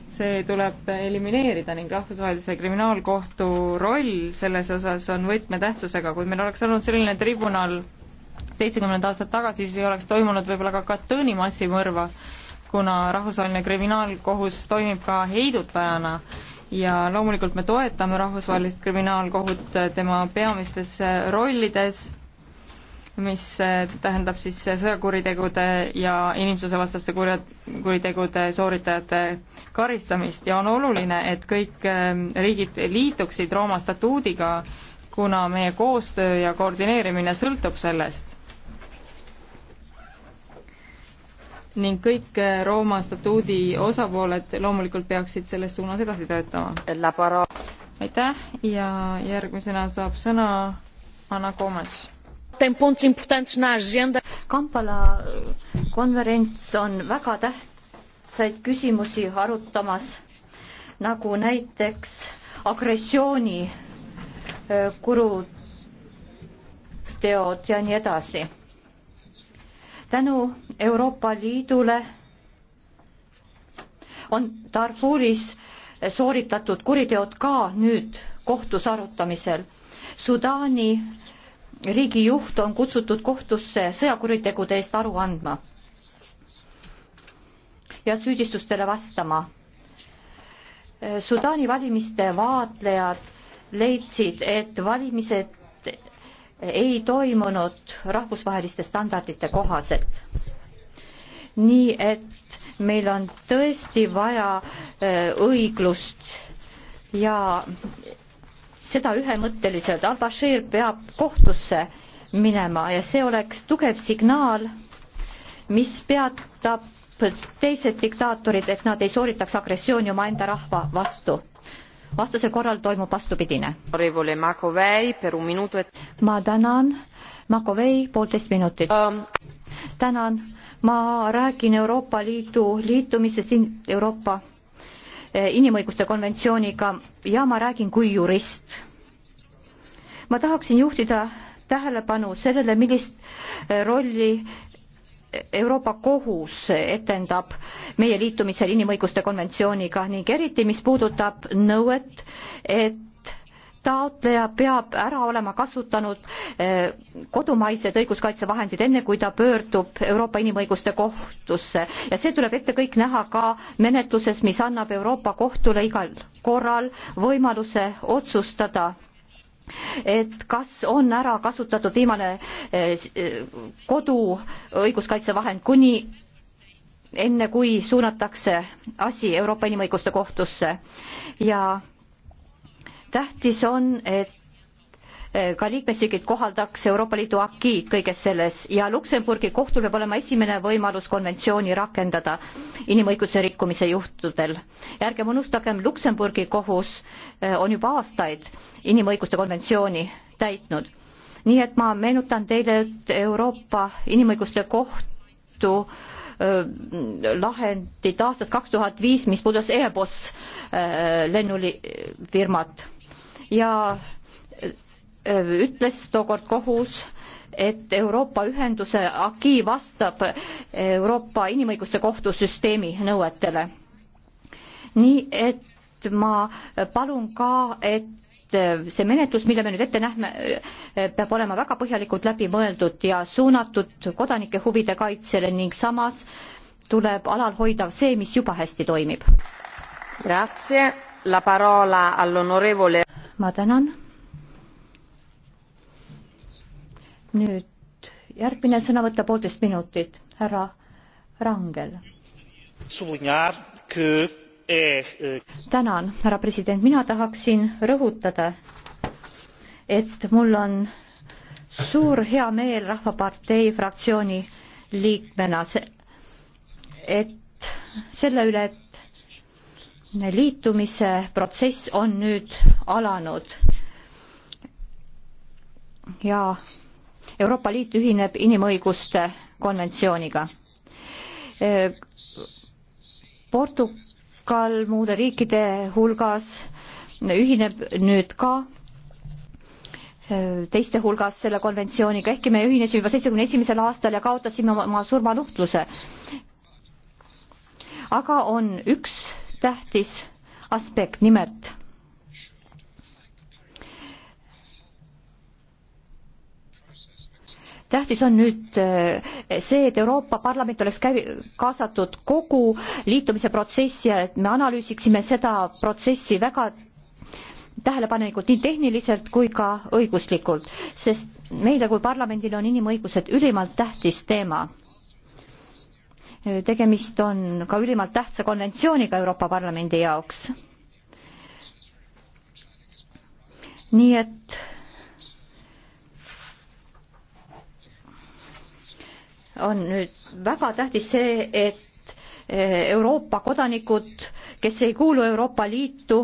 see tuleb elimineerida ning Rahvusvahelise Kriminaalkohtu roll selles osas on võtmetähtsusega, kui meil oleks olnud selline tribunal seitsekümmend aastat tagasi, siis ei oleks toimunud võib-olla ka Katõni massimõrva, kuna rahvusvaheline kriminaalkohus toimib ka heidutajana ja loomulikult me toetame rahvusvahelist kriminaalkohut tema peamistes rollides, mis tähendab siis sõjakuritegude ja inimsusevastaste kurja, kuritegude sooritajate karistamist ja on oluline, et kõik ähm, riigid liituksid Rooma statuudiga, kuna meie koostöö ja koordineerimine sõltub sellest ning kõik äh, Rooma statuudi osapooled loomulikult peaksid selles suunas edasi töötama. aitäh ja järgmisena saab sõna Anna Komes. Kampala äh, konverents on väga tähtsaid küsimusi arutamas, nagu näiteks agressiooni äh, kurud teod ja nii edasi tänu Euroopa Liidule on Darfuris sooritatud kuriteod ka nüüd kohtus arutamisel. Sudaani riigijuht on kutsutud kohtusse sõjakuritegude eest aru andma ja süüdistustele vastama. Sudaani valimiste vaatlejad leidsid, et valimised ei toimunud rahvusvaheliste standardite kohaselt. nii et meil on tõesti vaja äh, õiglust ja seda ühemõtteliselt. al-Bashir peab kohtusse minema ja see oleks tugev signaal, mis peatab teised diktaatorid, et nad ei sooritaks agressiooni omaenda rahva vastu vastasel korral toimub vastupidine. E- ma tänan, Makovei, poolteist minutit um.. tänan, ma räägin Euroopa Liidu liitumisest siin Euroopa eh, inimõiguste konventsiooniga ja ma räägin kui jurist. ma tahaksin juhtida tähelepanu sellele, millist eh, rolli Euroopa Kohus etendab meie liitumisel inimõiguste konventsiooniga ning eriti, mis puudutab nõuet, et taotleja peab ära olema kasutanud eh, kodumaised õiguskaitsevahendid, enne kui ta pöördub Euroopa Inimõiguste Kohtusse ja see tuleb ette kõik näha ka menetluses, mis annab Euroopa Kohtule igal korral võimaluse otsustada et kas on ära kasutatud viimane eh, eh, kodu õiguskaitsevahend kuni enne kui suunatakse asi Euroopa Inimõiguste Kohtusse ja tähtis on, et Eh, ka liikmesriigid kohaldaks Euroopa Liidu akiid kõiges selles ja Luksemburgi kohtul peab olema esimene võimalus konventsiooni rakendada inimõiguse rikkumise juhtudel. ja ärgem unustagem, Luksemburgi kohus eh, on juba aastaid inimõiguste konventsiooni täitnud. nii et ma meenutan teile, et Euroopa Inimõiguste Kohtu eh, lahendit aastast kaks tuhat viis, mis puudutas Airbus lennufirmat ja ütles tookord kohus, et Euroopa ühenduse agi vastab Euroopa Inimõiguste Kohtusüsteemi nõuetele. nii et ma palun ka, et see menetlus, mille me nüüd ette näeme, peab olema väga põhjalikult läbi mõeldud ja suunatud kodanike huvide kaitsele ning samas tuleb alal hoida see, mis juba hästi toimib. ma tänan nüüd järgmine sõnavõtt, poolteist minutit, härra Rangel. E, e- tänan, härra president, mina tahaksin rõhutada, et mul on suur hea meel Rahvapartei fraktsiooni liikmena, et selle üle, et liitumise protsess on nüüd alanud ja Euroopa Liit ühineb inimõiguste konventsiooniga. Portugal muude riikide hulgas ühineb nüüd ka äh, teiste hulgas selle konventsiooniga, ehkki me ühinesime juba seitsmekümne esimesel aastal ja kaotasime oma surmanuhtluse. aga on üks tähtis aspekt, nimelt tähtis on nüüd eh, see, et Euroopa Parlament oleks käi-, kaasatud kogu liitumise protsessi ja et me analüüsiksime seda protsessi väga tähelepanelikult nii tehniliselt kui ka õiguslikult, sest meile kui parlamendile on inimõigused ülimalt tähtis teema. tegemist on ka ülimalt tähtsa konventsiooniga Euroopa Parlamendi jaoks. nii et on nüüd väga tähtis see, et eh, Euroopa kodanikud, kes ei kuulu Euroopa Liitu,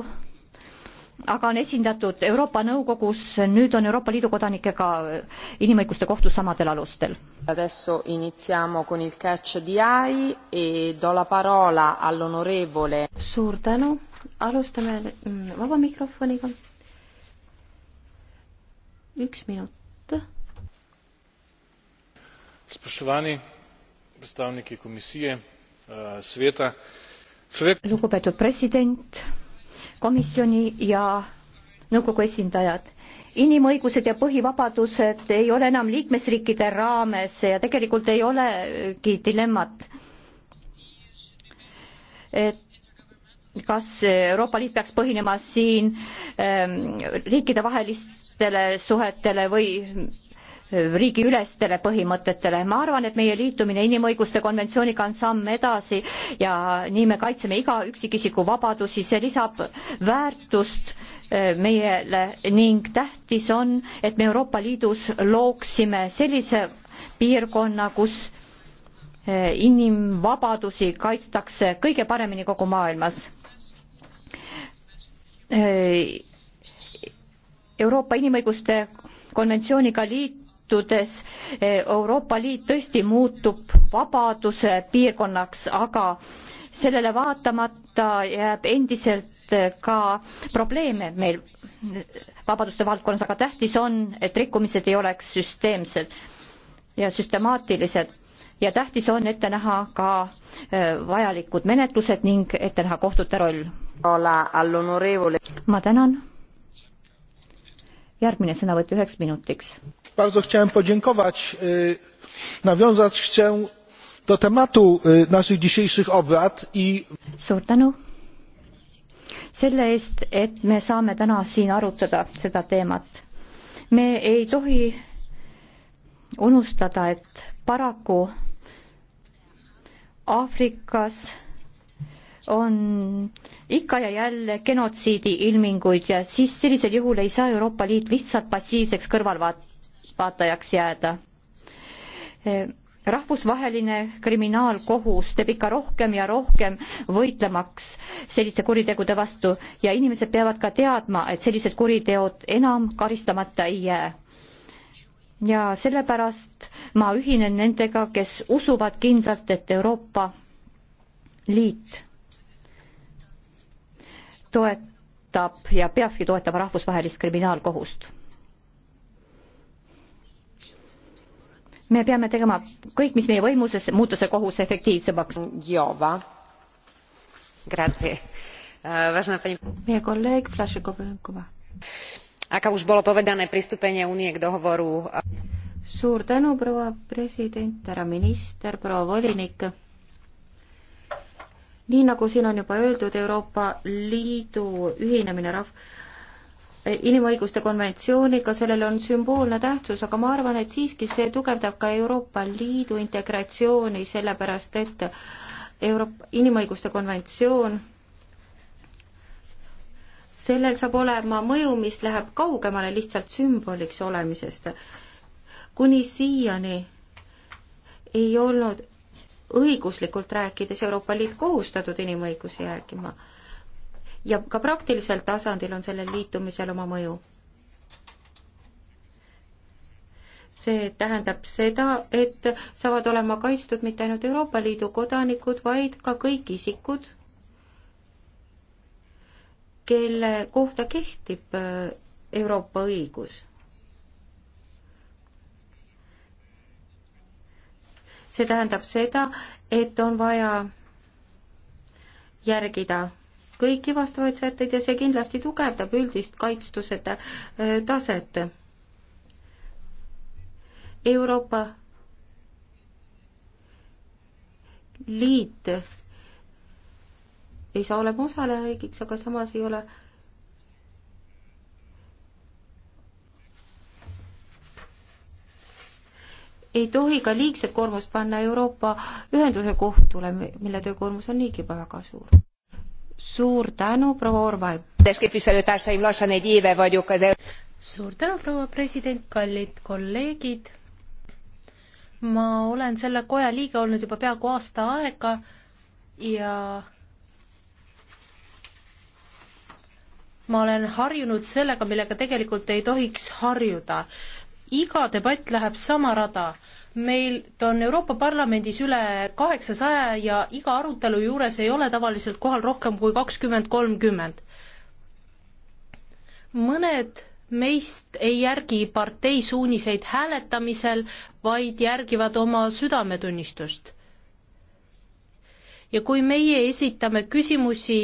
aga on esindatud Euroopa Nõukogus, nüüd on Euroopa Liidu kodanikega inimõiguste kohtus samadel alustel. Adesso iniziamo con il catch di AI e do la parola all'onorevole. suur tänu, alustame mm, vaba mikrofoniga. üks minut spoštovani predstavniki komisije eh, sveta človek. lugupeetud president komisjoni ja nõukogu esindajad inimõigused ja põhivabadused ei ole enam liikmesriikide raames ja tegelikult ei olegi dilemmat et kas Euroopa Liit peaks põhinema siin ähm, riikidevahelistele suhetele või riigiülestele põhimõtetele. ma arvan, et meie liitumine inimõiguste konventsiooniga on samm edasi ja nii me kaitseme iga üksikisiku vabadusi, see lisab väärtust eh, meiele ning tähtis on, et me Euroopa Liidus looksime sellise piirkonna, kus eh, inimvabadusi kaitstakse kõige paremini kogu maailmas. Eh, Euroopa Inimõiguste konventsiooniga liit muutudes. Eh, Euroopa Liit tõesti muutub vabaduse piirkonnaks, aga sellele vaatamata jääb endiselt eh, ka probleeme meil vabaduste valdkonnas, aga tähtis on, et rikkumised ei oleks süsteemsed ja süstemaatilised ja tähtis on ette näha ka eh, vajalikud menetlused ning ette näha kohtute roll. ma tänan. järgmine sõnavõtt üheks minutiks bardzo chciałem podziękować. nawiązać chcę do tematu naszych dzisiejszych obrad i suur tänu selle eest et me saame täna siin arutada seda teemat me ei tohi unustada et paraku Aafrikas on ikka ja jälle genotsiidi ilminguid ja siis sellisel juhul ei saa Euroopa Liit lihtsalt passiivseks kõrvalvaat-, vaatajaks jääda. rahvusvaheline kriminaalkohus teeb ikka rohkem ja rohkem võitlemaks selliste kuritegude vastu ja inimesed peavad ka teadma, et sellised kuriteod enam karistamata ei jää ja sellepärast ma ühinen nendega, kes usuvad kindlalt, et Euroopa Liit toetab ja peakski toetama rahvusvahelist kriminaalkohust me peame tegema kõik, mis meie võimuses, muuta see kohus efektiivsemaks. Eh, meie kolleeg Flašikova. Aka už bolo povedané, pristúpenie únie k dohovoru. Eh, suur tänu, proua president, härra minister, proua volinik nii nagu siin on juba öeldud, Euroopa Liidu ühinemine rahv-, inimõiguste konventsiooniga, sellel on sümboolne tähtsus, aga ma arvan, et siiski see tugevdab ka Euroopa Liidu integratsiooni, sellepärast et Euroopa inimõiguste konventsioon, sellel saab olema mõju, mis läheb kaugemale lihtsalt sümboliks olemisest. kuni siiani ei olnud õiguslikult rääkides Euroopa Liit kohustatud inimõigusi järgima ja ka praktilisel tasandil on sellel liitumisel oma mõju. see tähendab seda, et saavad olema kaitstud mitte ainult Euroopa Liidu kodanikud, vaid ka kõik isikud, kelle kohta kehtib äh, Euroopa õigus see tähendab seda, et on vaja järgida kõiki vastavaid sätteid ja see kindlasti tugevdab üldist kaitstuse äh, taset. Euroopa Liit ei saa olema osalejariigiks, aga samas ei ole ei tohi ka liigset koormust panna Euroopa Ühenduse kohtule, mille töökoormus on niigi juba väga suur suur tänu, proua Orval! suur tänu, proua president, kallid kolleegid! ma olen selle koja liige olnud juba peaaegu aasta aega ja ma olen harjunud sellega, millega tegelikult ei tohiks harjuda. iga debatt läheb sama rada meil on Euroopa Parlamendis üle kaheksasaja ja iga arutelu juures ei ole tavaliselt kohal rohkem kui kakskümmend, kolmkümmend. mõned meist ei järgi partei suuniseid hääletamisel, vaid järgivad oma südametunnistust. ja kui meie esitame küsimusi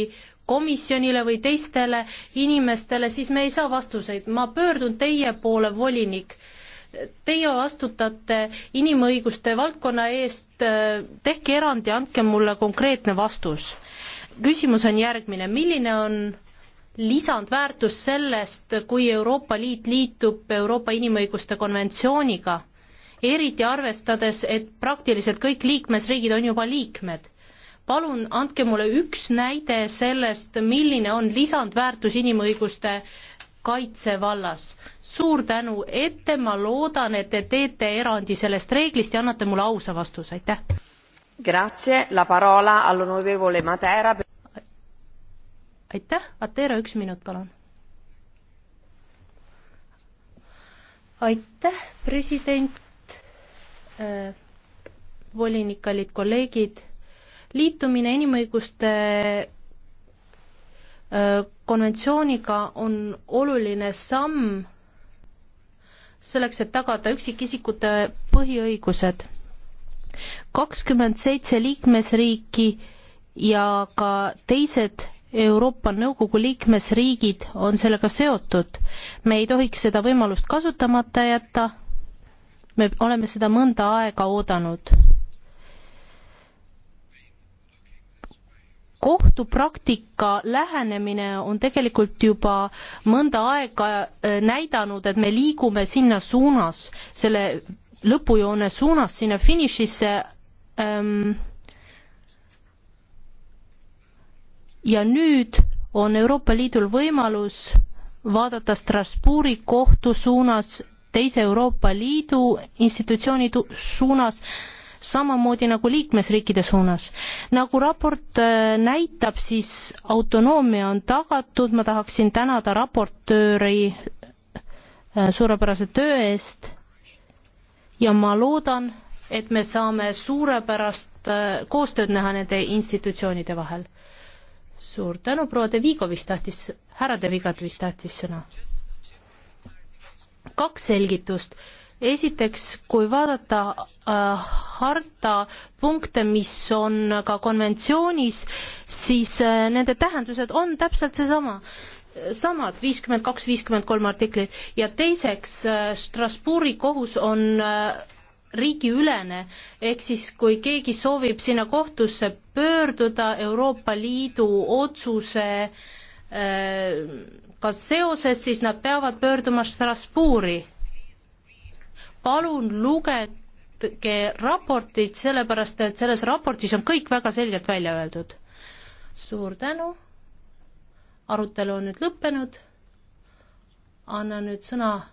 komisjonile või teistele inimestele, siis me ei saa vastuseid. ma pöördun teie poole, volinik teie vastutate inimõiguste valdkonna eest, tehke erand ja andke mulle konkreetne vastus. küsimus on järgmine, milline on lisandväärtus sellest, kui Euroopa Liit liitub Euroopa Inimõiguste konventsiooniga, eriti arvestades, et praktiliselt kõik liikmesriigid on juba liikmed palun andke mulle üks näide sellest, milline on lisandväärtus inimõiguste kaitsevallas. suur tänu ette, ma loodan, et te teete erandi sellest reeglist ja annate mulle ausa vastuse, aitäh. Grazie, la parola all'onorevole Matera. aitäh, Matera, üks minut, palun. aitäh, president äh,, volinik, kallid kolleegid, liitumine inimõiguste äh, konventsiooniga on oluline samm selleks, et tagada üksikisikute põhiõigused. kakskümmend seitse liikmesriiki ja ka teised Euroopa Nõukogu liikmesriigid on sellega seotud. me ei tohiks seda võimalust kasutamata jätta, me oleme seda mõnda aega oodanud kohtupraktika lähenemine on tegelikult juba mõnda aega äh, näidanud, et me liigume sinna suunas, selle lõpujoone suunas, sinna finišisse ähm,. ja nüüd on Euroopa Liidul võimalus vaadata Strasbourgi kohtu suunas, teise Euroopa Liidu institutsiooni suunas äh,, samamoodi nagu liikmesriikide suunas. nagu raport äh, näitab, siis autonoomia on tagatud, ma tahaksin tänada raportööri äh, suurepärase töö eest ja ma loodan, et me saame suurepärast äh, koostööd näha nende institutsioonide vahel. suur tänu, proua De Vigo vist tahtis, härra De Vigo vist tahtis sõna. kaks selgitust esiteks, kui vaadata äh, harta punkte, mis on ka konventsioonis, siis äh, nende tähendused on täpselt seesama samad viiskümmend kaks, viiskümmend kolm artiklit ja teiseks äh, Strasbourgi kohus on äh, riigiülene, ehk siis kui keegi soovib sinna kohtusse pöörduda Euroopa Liidu otsuse äh, kas seoses, siis nad peavad pöörduma Strasbourgi palun lugege raportit, sellepärast et selles raportis on kõik väga selgelt välja öeldud. suur tänu, arutelu on nüüd lõppenud, annan nüüd sõna äh,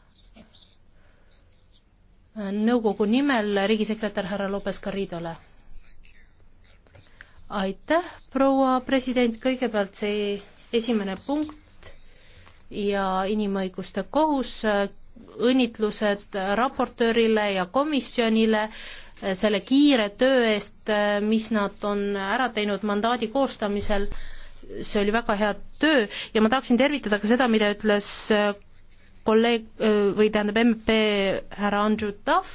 nõukogu nimel riigisekretär härra Lopes Garridole. aitäh, proua president, kõigepealt see esimene punkt ja inimõiguste kohus õnnitlused raportöörile ja komisjonile eh, selle kiire töö eest, eh, mis nad on ära teinud mandaadi koostamisel. see oli väga hea töö ja ma tahaksin tervitada ka seda, mida ütles eh, kolleeg või tähendab MP härra Andrew Duff.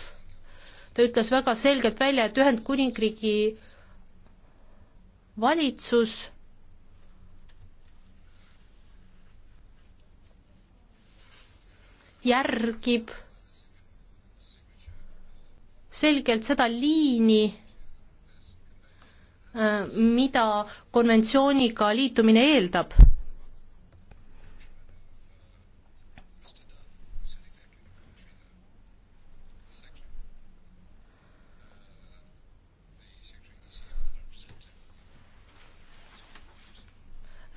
ta ütles väga selgelt välja, et Ühendkuningriigi valitsus järgib selgelt seda liini, mida konventsiooniga liitumine eeldab.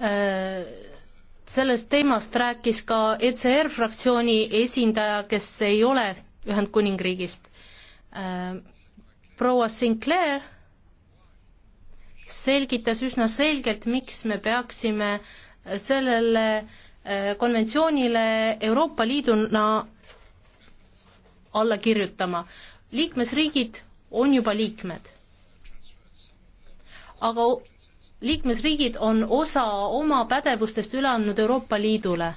Uh... Äh sellest teemast rääkis ka ECR fraktsiooni esindaja, kes ei ole Ühendkuningriigist. Äh, proua Sinclair selgitas üsna selgelt, miks me peaksime sellele äh, konventsioonile Euroopa Liiduna alla kirjutama. liikmesriigid on juba liikmed. aga liikmesriigid on osa oma pädevustest üle andnud Euroopa Liidule.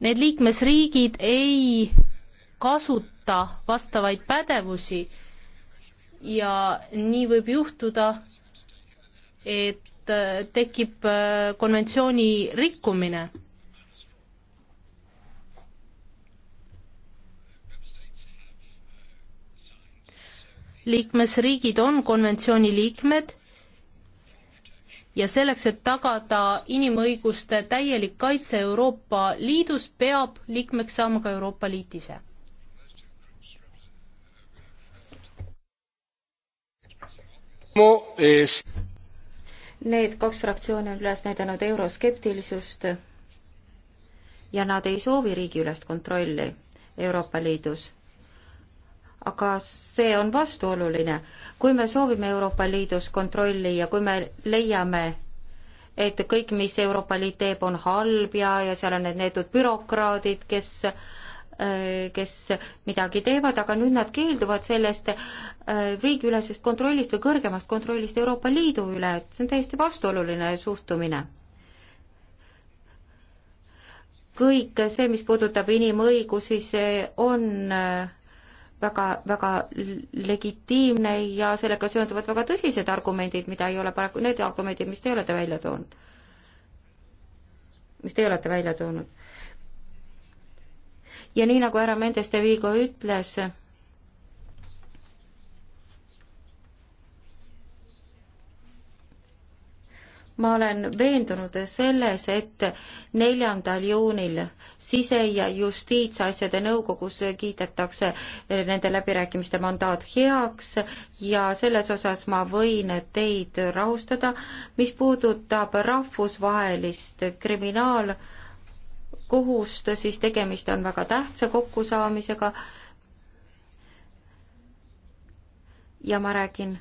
Need liikmesriigid ei kasuta vastavaid pädevusi ja nii võib juhtuda, et tekib äh, konventsiooni rikkumine liikmesriigid on konventsiooni liikmed ja selleks, et tagada inimõiguste täielik kaitse Euroopa Liidus, peab liikmeks saama ka Euroopa Liit ise. Need kaks fraktsiooni on üles näidanud euroskeptilisust ja nad ei soovi riigiülest kontrolli Euroopa Liidus aga see on vastuoluline. kui me soovime Euroopa Liidus kontrolli ja kui me leiame, et kõik, mis Euroopa Liit teeb, on halb ja, ja seal on need neetud bürokraadid, kes äh, kes midagi teevad, aga nüüd nad keelduvad sellest äh, riigiülesest kontrollist või kõrgemast kontrollist Euroopa Liidu üle, et see on täiesti vastuoluline suhtumine kõik see, mis puudutab inimõigusi, see on äh, väga, väga legitiimne ja sellega seonduvad väga tõsised argumendid, mida ei ole paraku, need argumendid, mis te olete välja toonud, mis teie olete välja toonud. ja nii, nagu härra Mendes de Vigo ütles, ma olen veendunud selles, et neljandal juunil sise- ja justiitsasjade nõukogus kiidetakse nende läbirääkimiste mandaat heaks ja selles osas ma võin teid rahustada. mis puudutab rahvusvahelist kriminaalkohust, siis tegemist on väga tähtsa kokkusaamisega. ja ma räägin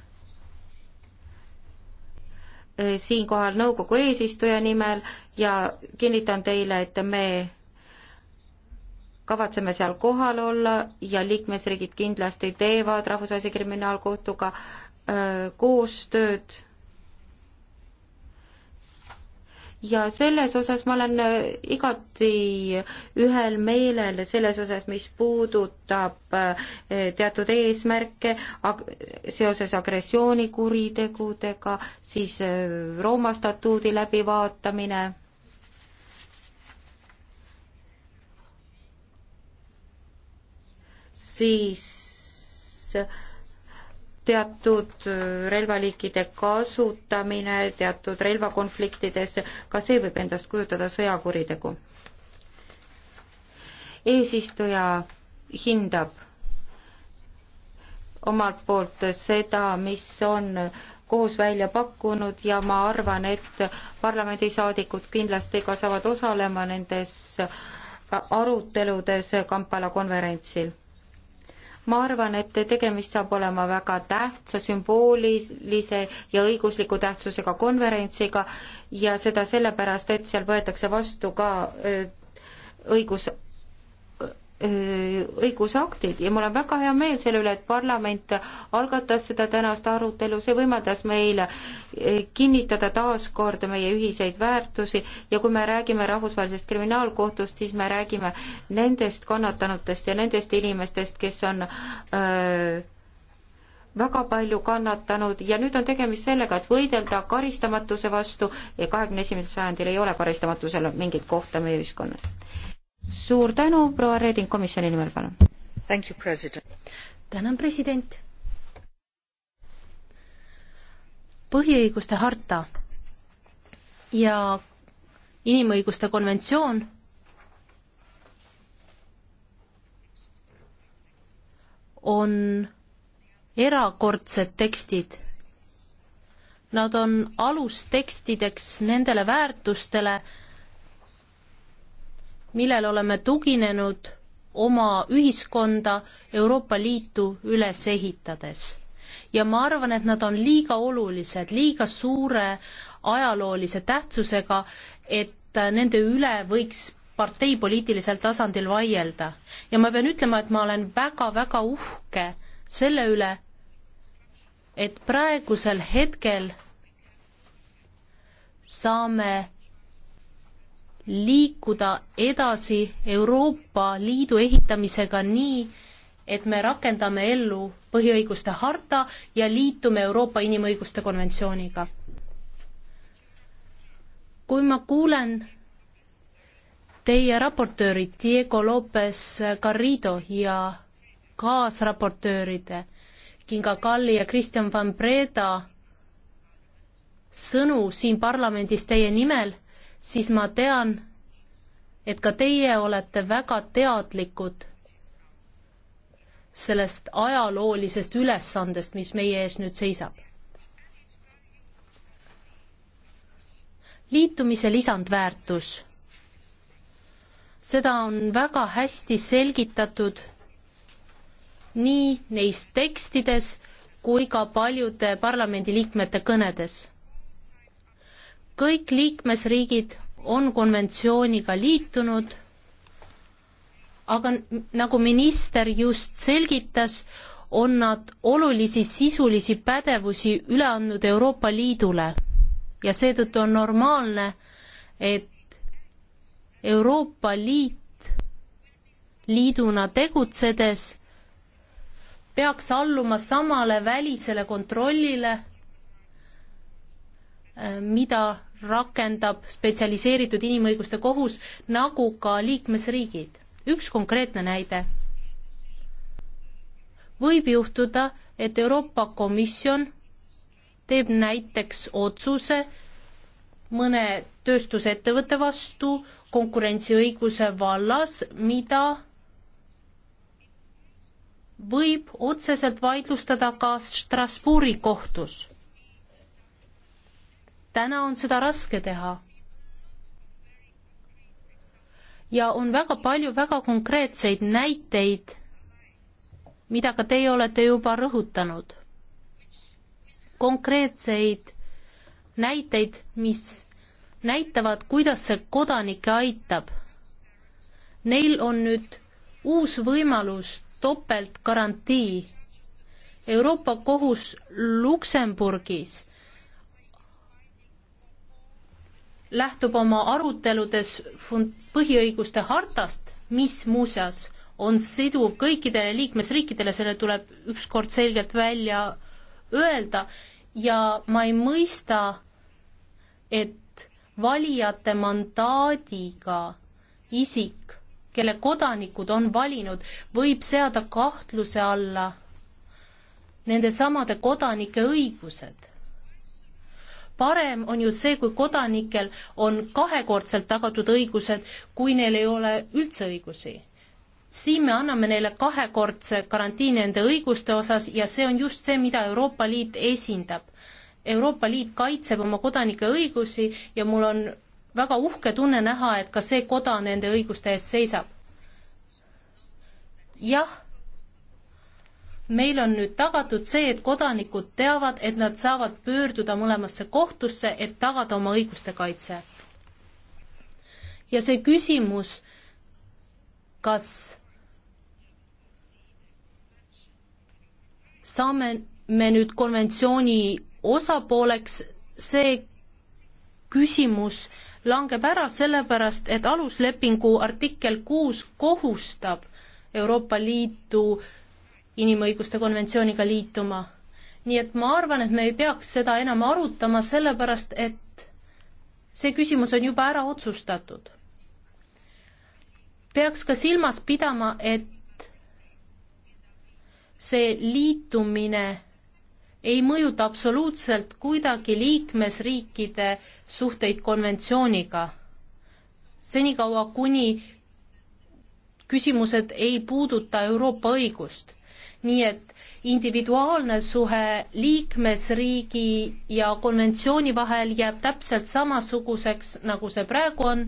Äh, siinkohal nõukogu eesistuja nimel ja kinnitan teile, et me kavatseme seal kohal olla ja liikmesriigid kindlasti teevad Rahvusvahelise Kriminaalkohtuga äh, koostööd ja selles osas ma olen äh, igati ühel meelel, selles osas, mis puudutab äh, teatud eesmärke ag seoses agressioonikuritegudega, siis äh, Rooma statuudi läbivaatamine siis teatud äh, relvaliikide kasutamine teatud relvakonfliktides, ka see võib endast kujutada sõjakuritegu. eesistuja hindab omalt poolt seda, mis on koos välja pakkunud ja ma arvan, et parlamendisaadikud kindlasti ka saavad osalema nendes aruteludes Kampala konverentsil ma arvan, et tegemist saab olema väga tähtsa sümboolilise ja õigusliku tähtsusega konverentsiga ja seda sellepärast, et seal võetakse vastu ka äh, õigus Äh, õigusaktid ja mul on väga hea meel selle üle, et parlament algatas seda tänast arutelu, see võimaldas meil äh, kinnitada taas kord meie ühiseid väärtusi ja kui me räägime rahvusvahelisest kriminaalkohtust, siis me räägime nendest kannatanutest ja nendest inimestest, kes on öö, äh, väga palju kannatanud ja nüüd on tegemist sellega, et võidelda karistamatuse vastu ja kahekümne esimesel sajandil ei ole karistamatusel mingit kohta meie ühiskonnas suur tänu, proua Reding, komisjoni nimel, palun. tänan, president. põhiõiguste harta ja inimõiguste konventsioon on erakordsed tekstid. Nad on alustekstideks nendele väärtustele, millel oleme tuginenud oma ühiskonda, Euroopa Liitu üles ehitades. ja ma arvan, et nad on liiga olulised, liiga suure ajaloolise tähtsusega, et nende üle võiks parteipoliitilisel tasandil vaielda. ja ma pean ütlema, et ma olen väga-väga uhke selle üle, et praegusel hetkel saame liikuda edasi Euroopa Liidu ehitamisega nii, et me rakendame ellu põhiõiguste harta ja liitume Euroopa Inimõiguste konventsiooniga. kui ma kuulen teie raportööri Diego Lopez Garrido ja kaasraportööride Kinga Kalli ja Kristjan Van Breda sõnu siin parlamendis teie nimel siis ma tean, et ka teie olete väga teadlikud sellest ajaloolisest ülesandest, mis meie ees nüüd seisab. liitumise lisandväärtus. seda on väga hästi selgitatud nii neis tekstides kui ka paljude parlamendiliikmete kõnedes kõik liikmesriigid on konventsiooniga liitunud, aga nagu minister just selgitas, on nad olulisi sisulisi pädevusi üle andnud Euroopa Liidule ja seetõttu on normaalne, et Euroopa Liit liiduna tegutsedes peaks alluma samale välisele kontrollile Äh, mida rakendab spetsialiseeritud inimõiguste kohus, nagu ka liikmesriigid. üks konkreetne näide. võib juhtuda, et Euroopa Komisjon teeb näiteks otsuse mõne tööstusettevõtte vastu konkurentsiõiguse vallas, mida võib otseselt vaidlustada ka Strasbourgi kohtus täna on seda raske teha. ja on väga palju väga konkreetseid näiteid, mida ka teie olete juba rõhutanud. konkreetseid näiteid, mis näitavad, kuidas see kodanikke aitab. Neil on nüüd uus võimalus topeltgarantii. Euroopa Kohus Luksemburgis lähtub oma aruteludes põhiõiguste hartast, mis muuseas on siduv kõikidele liikmesriikidele, selle tuleb ükskord selgelt välja öelda ja ma ei mõista, et valijate mandaadiga isik, kelle kodanikud on valinud, võib seada kahtluse alla nende samade kodanike õigused parem on ju see, kui kodanikel on kahekordselt tagatud õigused, kui neil ei ole üldse õigusi. siin me anname neile kahekordse garantii nende õiguste osas ja see on just see, mida Euroopa Liit esindab. Euroopa Liit kaitseb oma kodanike õigusi ja mul on väga uhke tunne näha, et ka see koda nende õiguste eest seisab. jah meil on nüüd tagatud see, et kodanikud teavad, et nad saavad pöörduda mõlemasse kohtusse, et tagada oma õiguste kaitse. ja see küsimus, kas saame me nüüd konventsiooni osapooleks, see küsimus langeb ära sellepärast, et aluslepingu artikkel kuus kohustab Euroopa Liitu äh, inimõiguste konventsiooniga liituma. nii et ma arvan, et me ei peaks seda enam arutama, sellepärast et see küsimus on juba ära otsustatud. peaks ka silmas pidama, et see liitumine ei mõjuta absoluutselt kuidagi liikmesriikide suhteid konventsiooniga. senikaua, kuni küsimused ei puuduta Euroopa õigust nii et individuaalne suhe liikmesriigi ja konventsiooni vahel jääb täpselt samasuguseks, nagu see praegu on,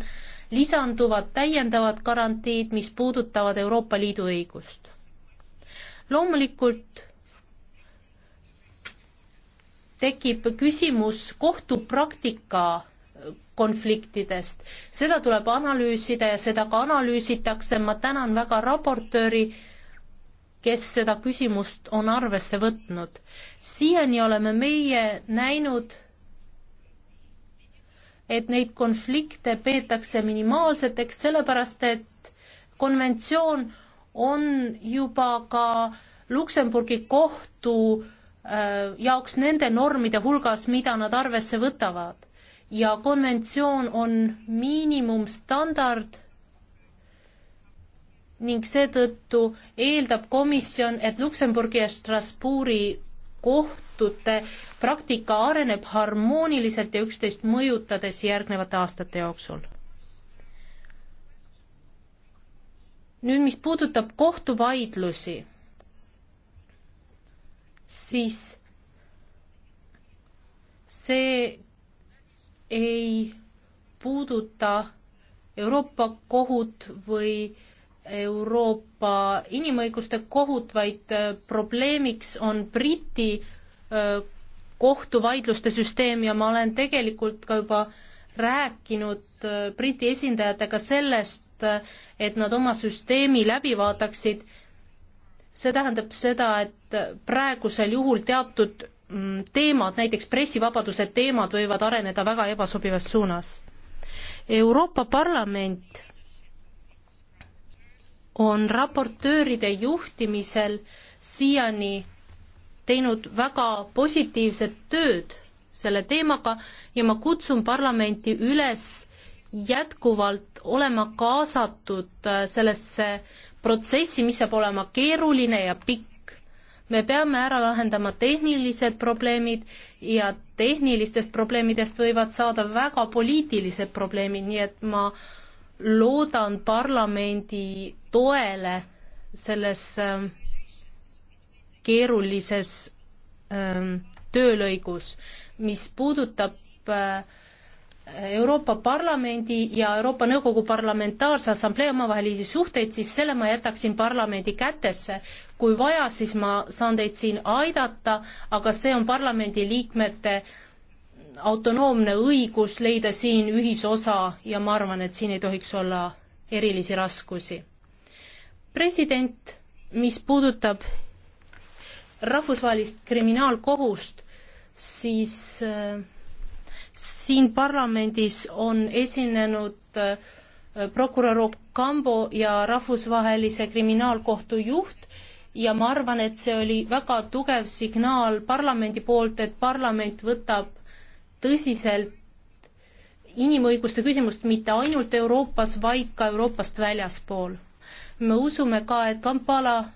lisanduvad täiendavad garantiid, mis puudutavad Euroopa Liidu õigust. loomulikult tekib küsimus kohtupraktika konfliktidest. seda tuleb analüüsida ja seda ka analüüsitakse, ma tänan väga raportööri äh, kes seda küsimust on arvesse võtnud. siiani oleme meie näinud, et neid konflikte peetakse minimaalseteks, sellepärast et konventsioon on juba ka Luksemburgi kohtu äh, jaoks nende normide hulgas, mida nad arvesse võtavad. ja konventsioon on miinimumstandard ning seetõttu eeldab komisjon, et Luksemburgi ja Strasbourgi kohtute praktika areneb harmooniliselt ja üksteist mõjutades järgnevate aastate jooksul. nüüd, mis puudutab kohtuvaidlusi, siis see ei puuduta Euroopa kohut või Euroopa inimõiguste kohut, vaid äh, probleemiks on Briti äh, kohtuvaidluste süsteem ja ma olen tegelikult ka juba rääkinud äh, Briti esindajatega sellest, et nad oma süsteemi läbi vaataksid. see tähendab seda, et praegusel juhul teatud mm, teemad, näiteks pressivabaduse teemad võivad areneda väga ebasobivas suunas. Euroopa Parlament on raportööride juhtimisel siiani teinud väga positiivset tööd selle teemaga ja ma kutsun parlamenti üles jätkuvalt olema kaasatud äh, sellesse protsessi, mis saab olema keeruline ja pikk. me peame ära lahendama tehnilised probleemid ja tehnilistest probleemidest võivad saada väga poliitilised probleemid, nii et ma loodan parlamendi toele selles ähm, keerulises ähm, töölõigus, mis puudutab äh, Euroopa Parlamendi ja Euroopa Nõukogu Parlamentaarse Assamblee omavahelisi suhteid, siis selle ma jätaksin parlamendi kätesse. kui vaja, siis ma saan teid siin aidata, aga see on parlamendiliikmete autonoomne õigus leida siin ühisosa ja ma arvan, et siin ei tohiks olla erilisi raskusi president, mis puudutab rahvusvahelist kriminaalkohust, siis äh, siin parlamendis on esinenud äh, prokurör Okambo ja Rahvusvahelise Kriminaalkohtu juht ja ma arvan, et see oli väga tugev signaal parlamendi poolt, et parlament võtab tõsiselt inimõiguste küsimust mitte ainult Euroopas, vaid ka Euroopast väljaspool me usume ka, et Kampala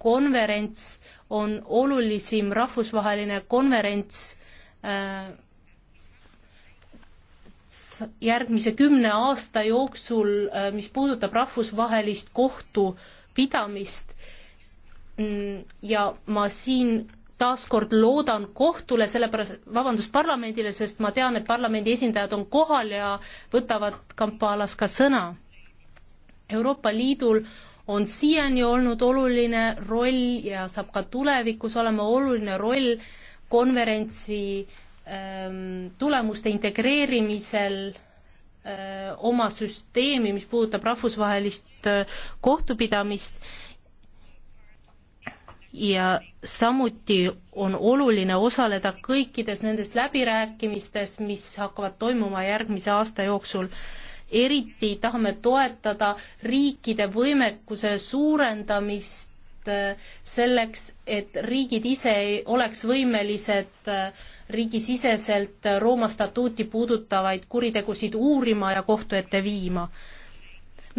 konverents on olulisim rahvusvaheline konverents äh, järgmise kümne aasta jooksul, äh, mis puudutab rahvusvahelist kohtupidamist. Mm, ja ma siin taaskord loodan kohtule, sellepärast, vabandust, parlamendile, sest ma tean, et parlamendi esindajad on kohal ja võtavad Kampalas ka sõna Euroopa Liidul on siiani olnud oluline roll ja saab ka tulevikus olema oluline roll konverentsi ähm, tulemuste integreerimisel äh, oma süsteemi, mis puudutab rahvusvahelist äh, kohtupidamist ja samuti on oluline osaleda kõikides nendes läbirääkimistes, mis hakkavad toimuma järgmise aasta jooksul äh, eriti tahame toetada riikide võimekuse suurendamist äh, selleks, et riigid ise oleks võimelised äh, riigisiseselt Rooma statuuti puudutavaid kuritegusid uurima ja kohtu ette viima.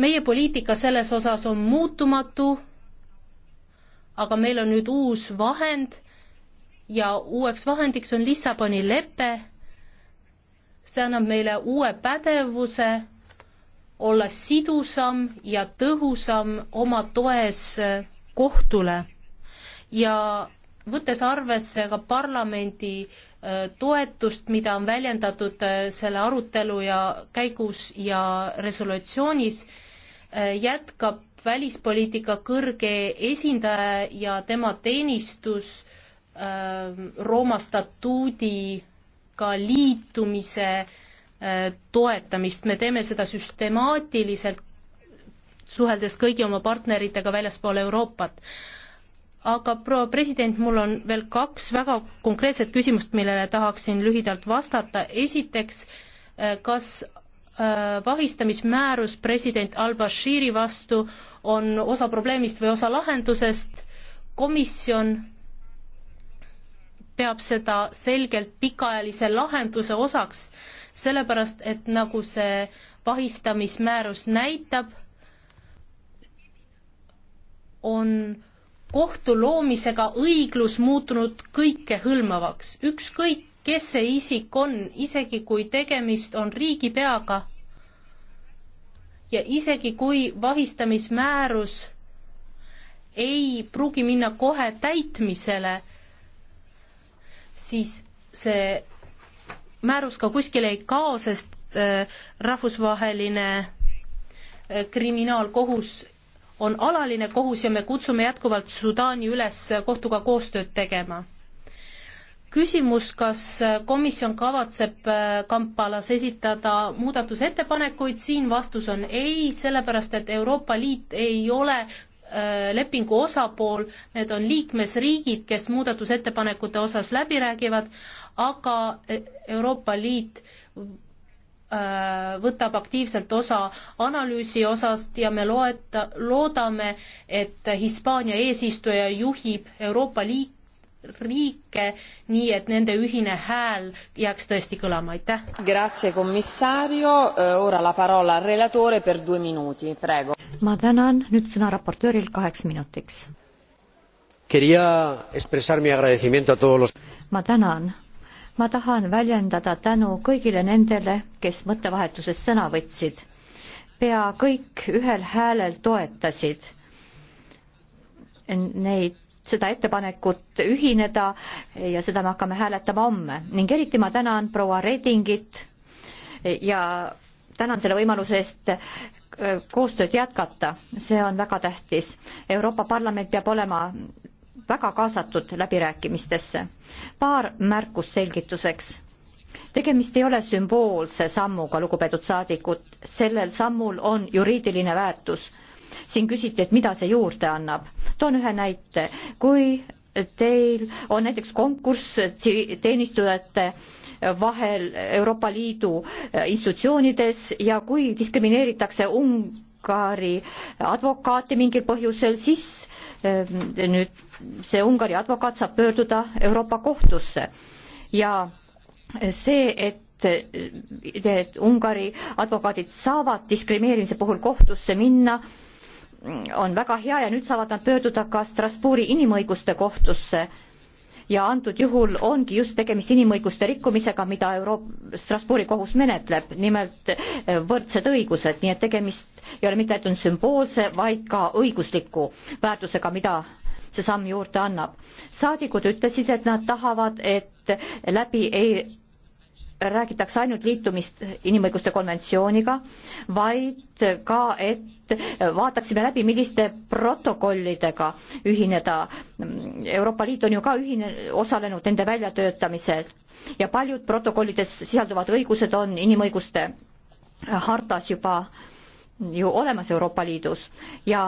meie poliitika selles osas on muutumatu, aga meil on nüüd uus vahend ja uueks vahendiks on Lissaboni lepe, see annab meile uue pädevuse olla sidusam ja tõhusam oma toes äh, kohtule ja võttes arvesse ka parlamendi äh, toetust, mida on väljendatud äh, selle arutelu ja käigus ja resolutsioonis, jätkab välispoliitika kõrge esindaja ja tema teenistus Rooma statuudiga liitumise Äh, toetamist, me teeme seda süstemaatiliselt, suheldes kõigi oma partneritega väljaspool Euroopat. aga proua president, mul on veel kaks väga konkreetset küsimust, millele tahaksin lühidalt vastata, esiteks, äh, kas äh, vahistamismäärus president al-Bashiri vastu on osa probleemist või osa lahendusest, komisjon peab seda selgelt pikaajalise lahenduse osaks sellepärast et nagu see vahistamismäärus näitab, on kohtu loomisega õiglus muutunud kõikehõlmavaks, ükskõik kes see isik on, isegi kui tegemist on riigipeaga ja isegi kui vahistamismäärus ei pruugi minna kohe täitmisele, siis see määrus ka kuskile ei kao, sest äh, rahvusvaheline äh, kriminaalkohus on alaline kohus ja me kutsume jätkuvalt Sudaani üles kohtuga koostööd tegema. küsimus, kas äh, komisjon kavatseb Kampalas esitada muudatusettepanekuid, siin vastus on ei, sellepärast et Euroopa Liit ei ole lepingu osapool, need on liikmesriigid, kes muudatusettepanekute osas läbi räägivad, aga e- Euroopa Liit äh, võtab aktiivselt osa analüüsi osast ja me loeta, loodame, et Hispaania eesistuja juhib Euroopa Liit, riike, nii et nende ühine hääl jääks tõesti kõlama, aitäh. Grazie, commissario, äh, ora la parola al relatore per due minuti, prego. ma tänan, nüüd sõna raportööril kaheks minutiks. Quería expresar mi agradecimiento a todos los ma tänan ma tahan väljendada tänu kõigile nendele, kes mõttevahetuses sõna võtsid. pea kõik ühel häälel toetasid neid, seda ettepanekut ühineda ja seda me hakkame hääletama homme ning eriti ma tänan proua Redingit ja tänan selle võimaluse eest äh, koostööd jätkata, see on väga tähtis. Euroopa Parlament peab olema väga kaasatud läbirääkimistesse. paar märkust selgituseks. tegemist ei ole sümboolse sammuga, lugupeetud saadikud, sellel sammul on juriidiline väärtus. siin küsiti, et mida see juurde annab. toon ühe näite, kui teil on näiteks konkurss teenistujate vahel Euroopa Liidu äh, institutsioonides ja kui diskrimineeritakse Ungari advokaate mingil põhjusel, siis Ehm, nüüd see Ungari advokaat saab pöörduda Euroopa kohtusse ja see, et need Ungari advokaadid saavad diskrimineerimise puhul kohtusse minna, on väga hea ja nüüd saavad nad pöörduda ka Strasbourgi inimõiguste kohtusse ja antud juhul ongi just tegemist inimõiguste rikkumisega, mida Euroop-, Strasbourgi kohus menetleb, nimelt eh, võrdsed õigused, nii et tegemist ei ole mitte ainult sümboolse, vaid ka õigusliku väärtusega, mida see samm juurde annab. saadikud ütlesid, et nad tahavad, et läbi ei räägitakse ainult liitumist inimõiguste konventsiooniga, vaid ka, et vaataksime läbi, milliste protokollidega ühineda. Euroopa Liit on ju ka ühine, osalenud nende väljatöötamisel ja paljud protokollides sisalduvad õigused on inimõiguste hartas juba ju olemas Euroopa Liidus ja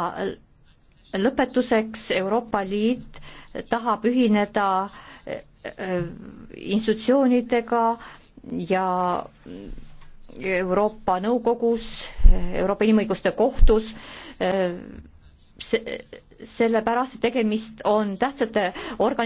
lõpetuseks Euroopa Liit tahab ühineda äh, äh, institutsioonidega, ja Euroopa Nõukogus, Euroopa Inimõiguste Kohtus eh, se, sellepärast, et tegemist on tähtsate organitega,